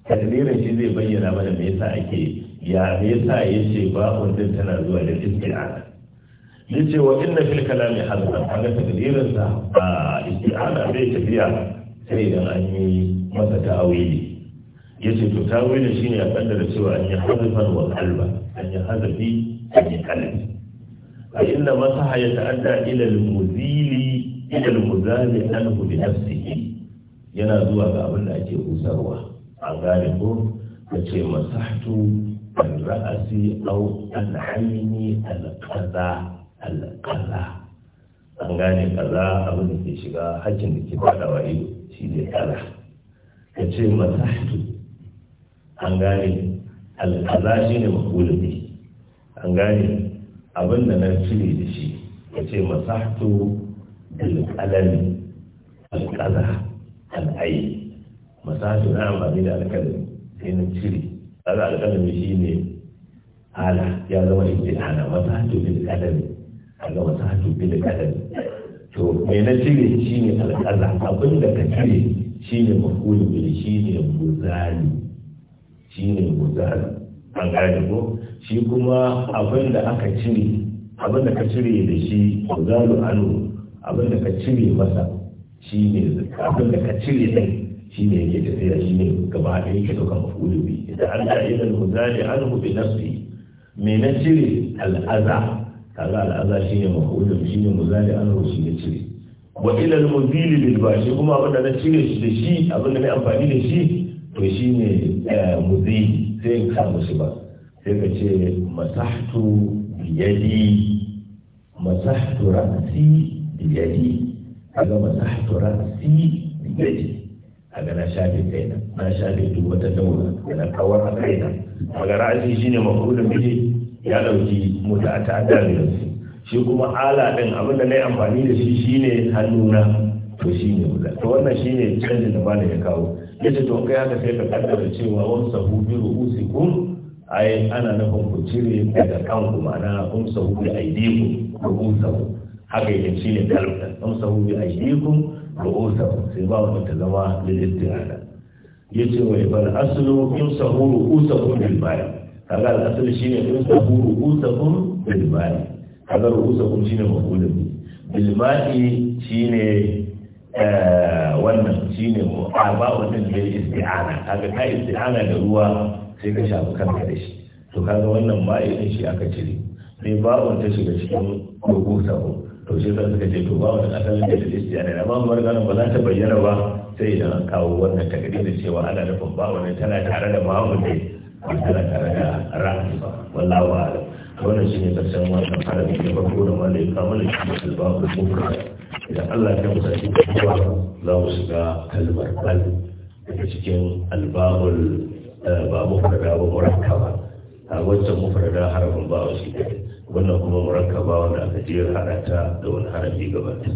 [SPEAKER 1] takdirin shi zai bayyana mana me yasa ake ya me yasa ya ce babu din tana zuwa da isti'ana yace wa inna fil kalami hazan kaga takdirin sa a isti'ana bai tafiya sai idan an yi masa ta'awili yace to ta'awili shine a kaddara cewa an yi hazafan wa qalba an yi hazafi an yi qalbi a inna masaha haya ta'adda ila al-muzili ila al-muzali anhu bi nafsihi yana zuwa ga abin da ake kusarwa an gane ko ce masahtu an ra'asi aw an aini al-qaza alƙala an gane kaza abin da ke shiga hajjin da ke faɗawa ido shi ne kala ka ce masahtu an gane alƙala shi ne makulubi an gane abin da na cire da shi ka ce da alƙalami alƙala al'ayi masahtu na amfani da alƙalami sai na cire kaza alƙalami shi ne hala ya zama ibtihana masahtu alƙalami A kaga wasu hatu bil kadari to me na cire shi ne alƙaza abin da ka cire shi ne shine shi ne shine shi ne guzali an gane ko shi kuma abin da aka cire abin da ka cire da shi guzalu anu abin da ka cire masa shi ne abin da ka cire din shi ne yake tafiya shi ne gaba ɗaya yake ɗaukar mafulu bi idan an da idan an anu bi nafsi me na cire al'aza kaga al'aza shi ne mafulun shi ne muzari an roshi ya cire wa ilal muzili bil bashi kuma abinda na cire shi da shi abinda na amfani da shi to shi ne zai eh, sai in samu shi ba sai ka ce masahtu biyadi masahtu ra'si biyadi kaga masahtu ra'si biyadi kaga na shafe kaina na shafe duk wata daura na kawar a kaina magana shi ne mafulun bihi ya ɗauki mota ta su shi kuma ala ɗin abin da na yi amfani da shi shine hannuna to shi ne guda to wannan shi ne canjin da bani ya kawo ya ce to kai haka sai ka kaddara cewa wamsa hu bi ru'usikum ai ana nufin ku cire daga ku ma'ana wamsa sahu bi aidikum ru'usahu haka yake shi ne dalilta wamsa hu bi aidikum ru'usahu sai ba wannan ta zama lil istihada yace wa ibal aslu yamsahu ru'usahu bil bayan kaga al'asali shine ne sahuru usakum bil ma'i kaga shi shine mafulun bilmai shi shine eh, wannan shine ba wannan bil isti'ana kaga ka isti'ana da ruwa sai ka shafi kanka da shi to kaga wannan ma'i din shi aka cire sai bawon ta shiga cikin rubu to shi sai suka ce to wani asalin da isti'ana da ba mu ganin ba za ta bayyana ba sai idan an kawo wannan takardar da cewa ana nufin wani tana tare da mamun ne ba tare da ra'ayi ba wallahu a'lam wannan shine karshen wannan harafi da farko da wanda ya kawo da shi albabu muka idan Allah ya musa shi kowa za mu shiga kalmar bal daga cikin albabul eh, ba mufrada ba ba, a wancan mufrada harafin ba shi wannan kuma ba wanda aka jera harata da wani harafi gabata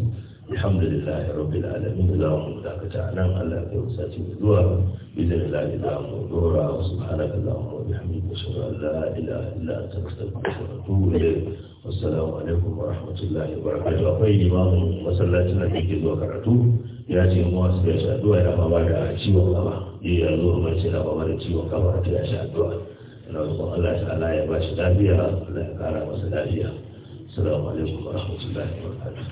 [SPEAKER 1] alhamdulillahi rabbil alamin za mu dakata nan Allah ya yi sati zuwa bizin lahi da yake zuwa karatu ya ce mu wasu da ciwon kafa ya zo mai ce da ya ina roƙon kara السلام عليكم ورحمة الله وبركاته